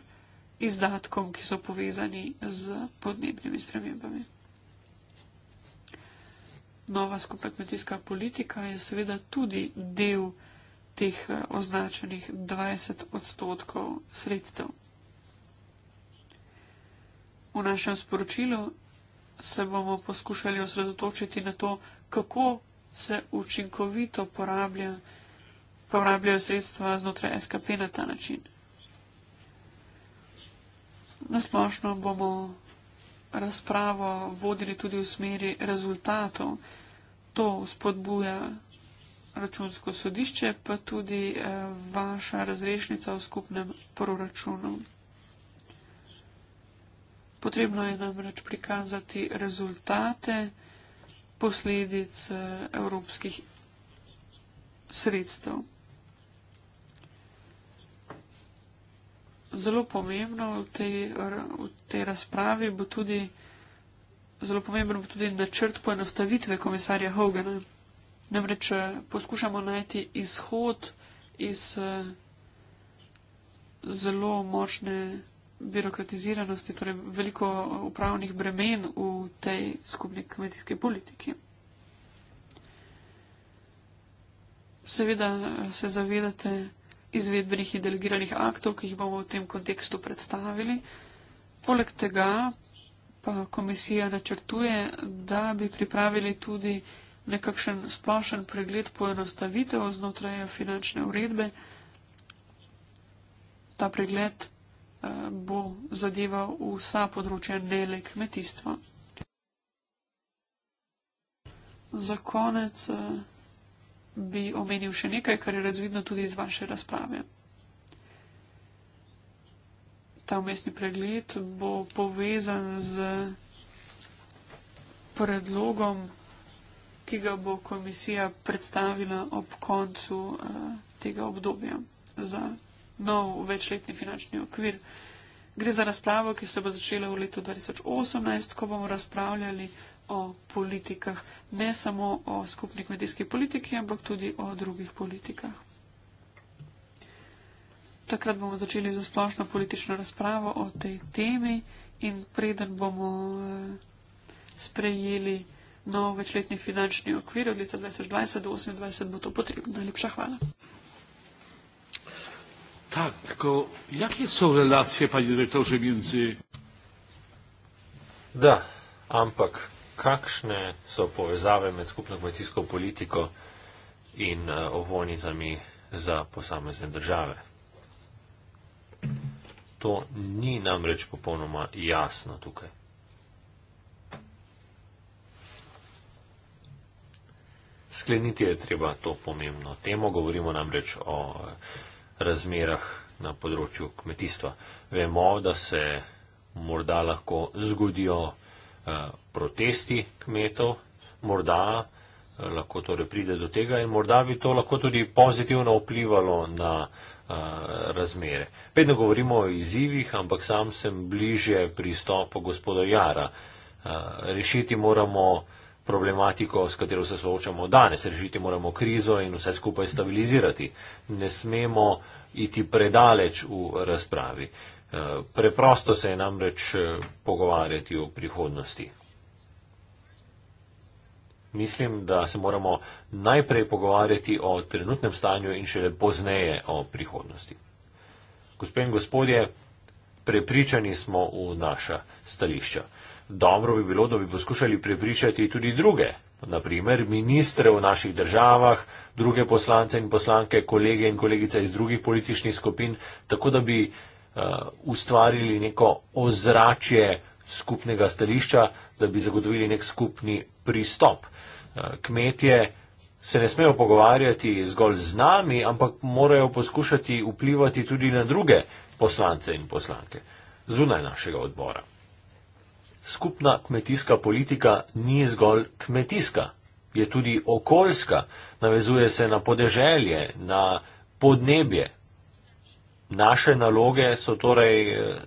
izdatkom, ki so povezani z podnebnimi spremembami nova skupna kmetijska politika je seveda tudi del teh eh, označenih 20 odstotkov sredstev. V našem sporočilu se bomo poskušali osredotočiti na to, kako se učinkovito porablja, porabljajo sredstva znotraj SKP na ta način. Nasplošno bomo razpravo vodili tudi v smeri rezultatov. To spodbuja računsko sodišče, pa tudi eh, vaša razrešnica v skupnem proračunu. Potrebno je namreč prikazati rezultate posledic evropskih sredstev. zelo pomembno v tej, v tej razpravi, bo tudi, zelo pomembno bo tudi načrt poenostavitve komisarja Hogana. Namreč eh, poskušamo najti izhod iz eh, zelo močne birokratiziranosti, torej veliko upravnih bremen v tej skupni kmetijski politiki. Seveda eh, se zavedate, izvedbenih in delegiranih aktov, ki jih bomo v tem kontekstu predstavili. Poleg tega pa komisija načrtuje, da bi pripravili tudi nekakšen splošen pregled poenostavitev znotraj finančne uredbe. Ta pregled eh, bo zadeval vsa področja dele kmetijstva. Za konec. Eh, bi omenil še nekaj, kar je razvidno tudi iz vaše razprave. Ta umestni pregled bo povezan z predlogom, ki ga bo komisija predstavila ob koncu eh, tega obdobja za nov večletni finančni okvir. Gre za razpravo, ki se bo začela v letu 2018, ko bomo razpravljali o politikah, ne samo o skupni kmetijski politiki, ampak tudi o drugih politikah. Takrat bomo začeli za splošno politično razpravo o tej temi in preden bomo eh, sprejeli nov večletni finančni okvir od leta 2020 do 2028, bo to potrebno. Najlepša hvala. Tako, jakie są relacje, panie dyrektorze, między... Da, ampak kakšne so povezave med skupno kmetijsko politiko in eh, ovojnicami za posamezne države? To ni namreč popolnoma jasno tukaj. Skleniti je treba to pomembno temo, govorimo namreč o eh, razmerah na področju kmetijstva. Vemo, da se morda lahko zgodijo eh, protesti kmetov, morda eh, lahko torej pride do tega in morda bi to lahko tudi pozitivno vplivalo na eh, razmere. Vedno govorimo o izzivih, ampak sam sem bliže pristopu gospoda Jara. Eh, rešiti moramo problematiko, s katero se soočamo danes, rešiti moramo krizo in vse skupaj stabilizirati. Ne smemo iti predaleč v razpravi. Preprosto se je namreč pogovarjati o prihodnosti. Mislim, da se moramo najprej pogovarjati o trenutnem stanju in šele pozneje o prihodnosti. Gospe in gospodje, prepričani smo v naša stališča. Dobro bi bilo, da bi poskušali prepričati tudi druge, naprimer ministre v naših državah, druge poslance in poslanke, kolege in kolegice iz drugih političnih skupin, tako da bi uh, ustvarili neko ozračje skupnega stališča, da bi zagotovili nek skupni pristop. Eh, kmetje se ne smejo pogovarjati zgolj z nami, ampak morajo poskušati vplivati tudi na druge poslance in poslanke zunaj našega odbora. Skupna kmetijska politika ni zgolj kmetijska, je tudi okoljska, navezuje se na podeželje, na podnebje. Naše naloge so torej eh,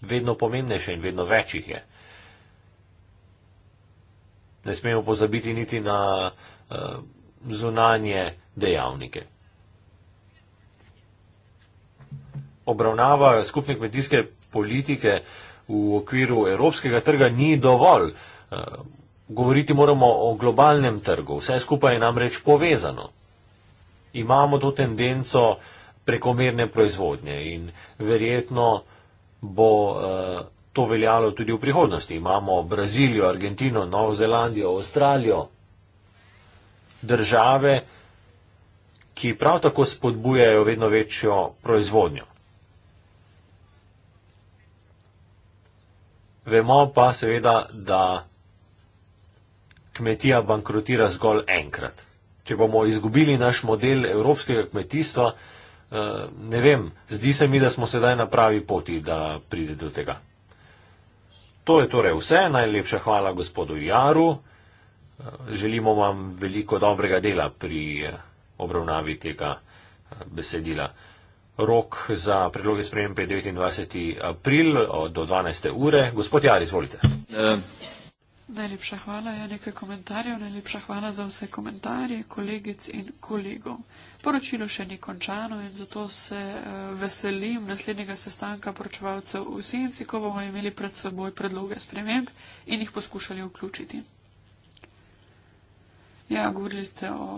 vedno pomembnejše in vedno večjih je ne smemo pozabiti niti na uh, zunanje dejavnike. Obravnava skupne kmetijske politike v okviru evropskega trga ni dovolj. Uh, govoriti moramo o globalnem trgu. Vse skupaj je namreč povezano. Imamo to tendenco prekomerne proizvodnje in verjetno bo uh, to veljalo tudi v prihodnosti. Imamo Brazilijo, Argentino, Novo Zelandijo, Avstralijo, države, ki prav tako spodbujajo vedno večjo proizvodnjo. Vemo pa seveda, da kmetija bankrotira zgolj enkrat. Če bomo izgubili naš model evropskega kmetijstva, eh, ne vem, zdi se mi, da smo sedaj na pravi poti, da pride do tega. To je torej vse. Najlepša hvala gospodu Jaru. Želimo vam veliko dobrega dela pri eh, obravnavi tega eh, besedila. Rok za predloge sprememb je 29. april do 12. ure. Gospod Jar, izvolite. Eh. Najlepša hvala. Ja, nekaj komentarjev. Najlepša hvala za vse komentarje kolegic in kolegov poročilo še ni končano in zato se eh, veselim naslednjega sestanka poročevalcev v Senci, ko bomo imeli pred seboj predloge sprememb in jih poskušali vključiti. Ja, govorili ste o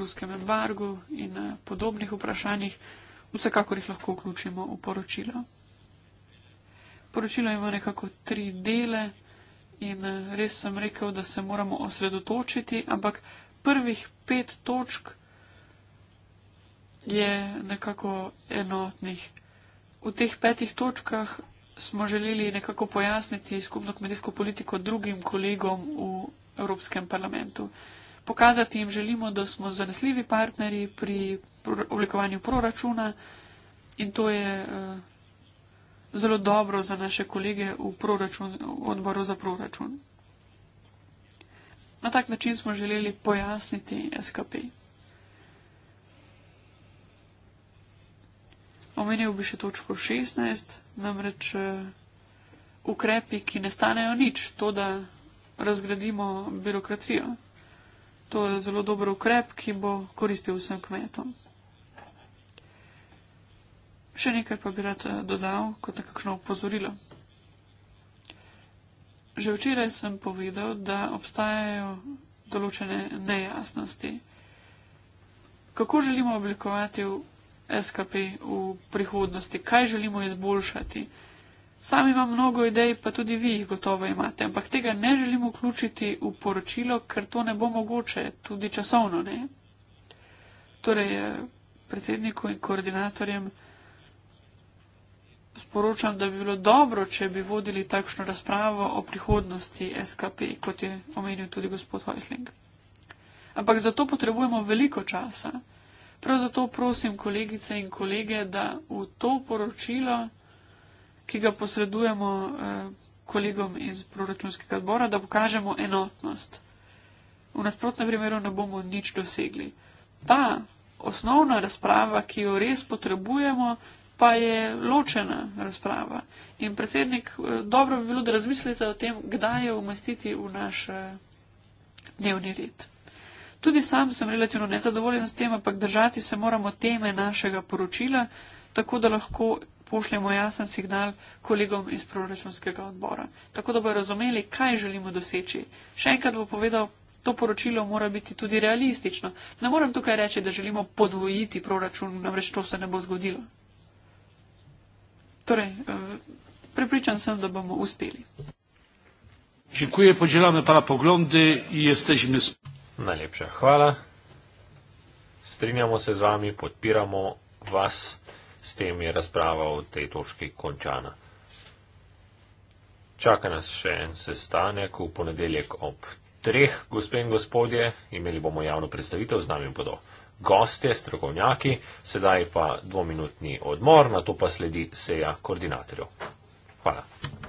ruskem embargu in eh, podobnih vprašanjih, vsekakor jih lahko vključimo v poročilo. Poročilo ima nekako tri dele in eh, res sem rekel, da se moramo osredotočiti, ampak prvih pet točk je nekako enotnih. V teh petih točkah smo želeli nekako pojasniti skupno kmetijsko politiko drugim kolegom v Evropskem parlamentu. Pokazati jim želimo, da smo zanesljivi partneri pri oblikovanju proračuna in to je eh, zelo dobro za naše kolege v, proračun, v odboru za proračun. Na tak način smo želeli pojasniti SKP. Omenil bi še točko 16, namreč eh, ukrepi, ki ne stanejo nič, to, da razgradimo birokracijo. To je zelo dober ukrep, ki bo koristil vsem kmetom. Še nekaj pa bi rad eh, dodal kot nekakšno upozorilo. Že včeraj sem povedal, da obstajajo določene nejasnosti. Kako želimo oblikovati SKP v prihodnosti, kaj želimo izboljšati. Sam imam mnogo idej, pa tudi vi jih gotovo imate, ampak tega ne želim vključiti v poročilo, ker to ne bo mogoče, tudi časovno ne. Torej, eh, predsedniku in koordinatorjem sporočam, da bi bilo dobro, če bi vodili takšno razpravo o prihodnosti SKP, kot je omenil tudi gospod Hoisling. Ampak za to potrebujemo veliko časa. Prav zato prosim kolegice in kolege, da v to poročilo, ki ga posredujemo eh, kolegom iz proračunskega odbora, da pokažemo enotnost. V nasprotnem primeru ne bomo nič dosegli. Ta osnovna razprava, ki jo res potrebujemo, pa je ločena razprava. In predsednik, eh, dobro bi bilo, da razmislite o tem, kdaj jo umestiti v naš eh, dnevni red. Tudi sam sem relativno nezadovoljen s tem, ampak držati se moramo teme našega poročila, tako da lahko pošljemo jasen signal kolegom iz proračunskega odbora. Tako da bo razumeli, kaj želimo doseči. Še enkrat bo povedal, to poročilo mora biti tudi realistično. Ne morem tukaj reči, da želimo podvojiti proračun, namreč to se ne bo zgodilo. Torej, eh, prepričan sem, da bomo uspeli. Dziękuję, podzielamy Pana poglądy i jesteśmy. Najlepša hvala. Strinjamo se z vami, podpiramo vas, s tem je razprava o tej točki končana. Čaka nas še en sestanek v ponedeljek ob treh, gospe in gospodje, imeli bomo javno predstavitev, z nami bodo gostje, strokovnjaki, sedaj pa dvominutni odmor, na to pa sledi seja koordinatorjev. Hvala.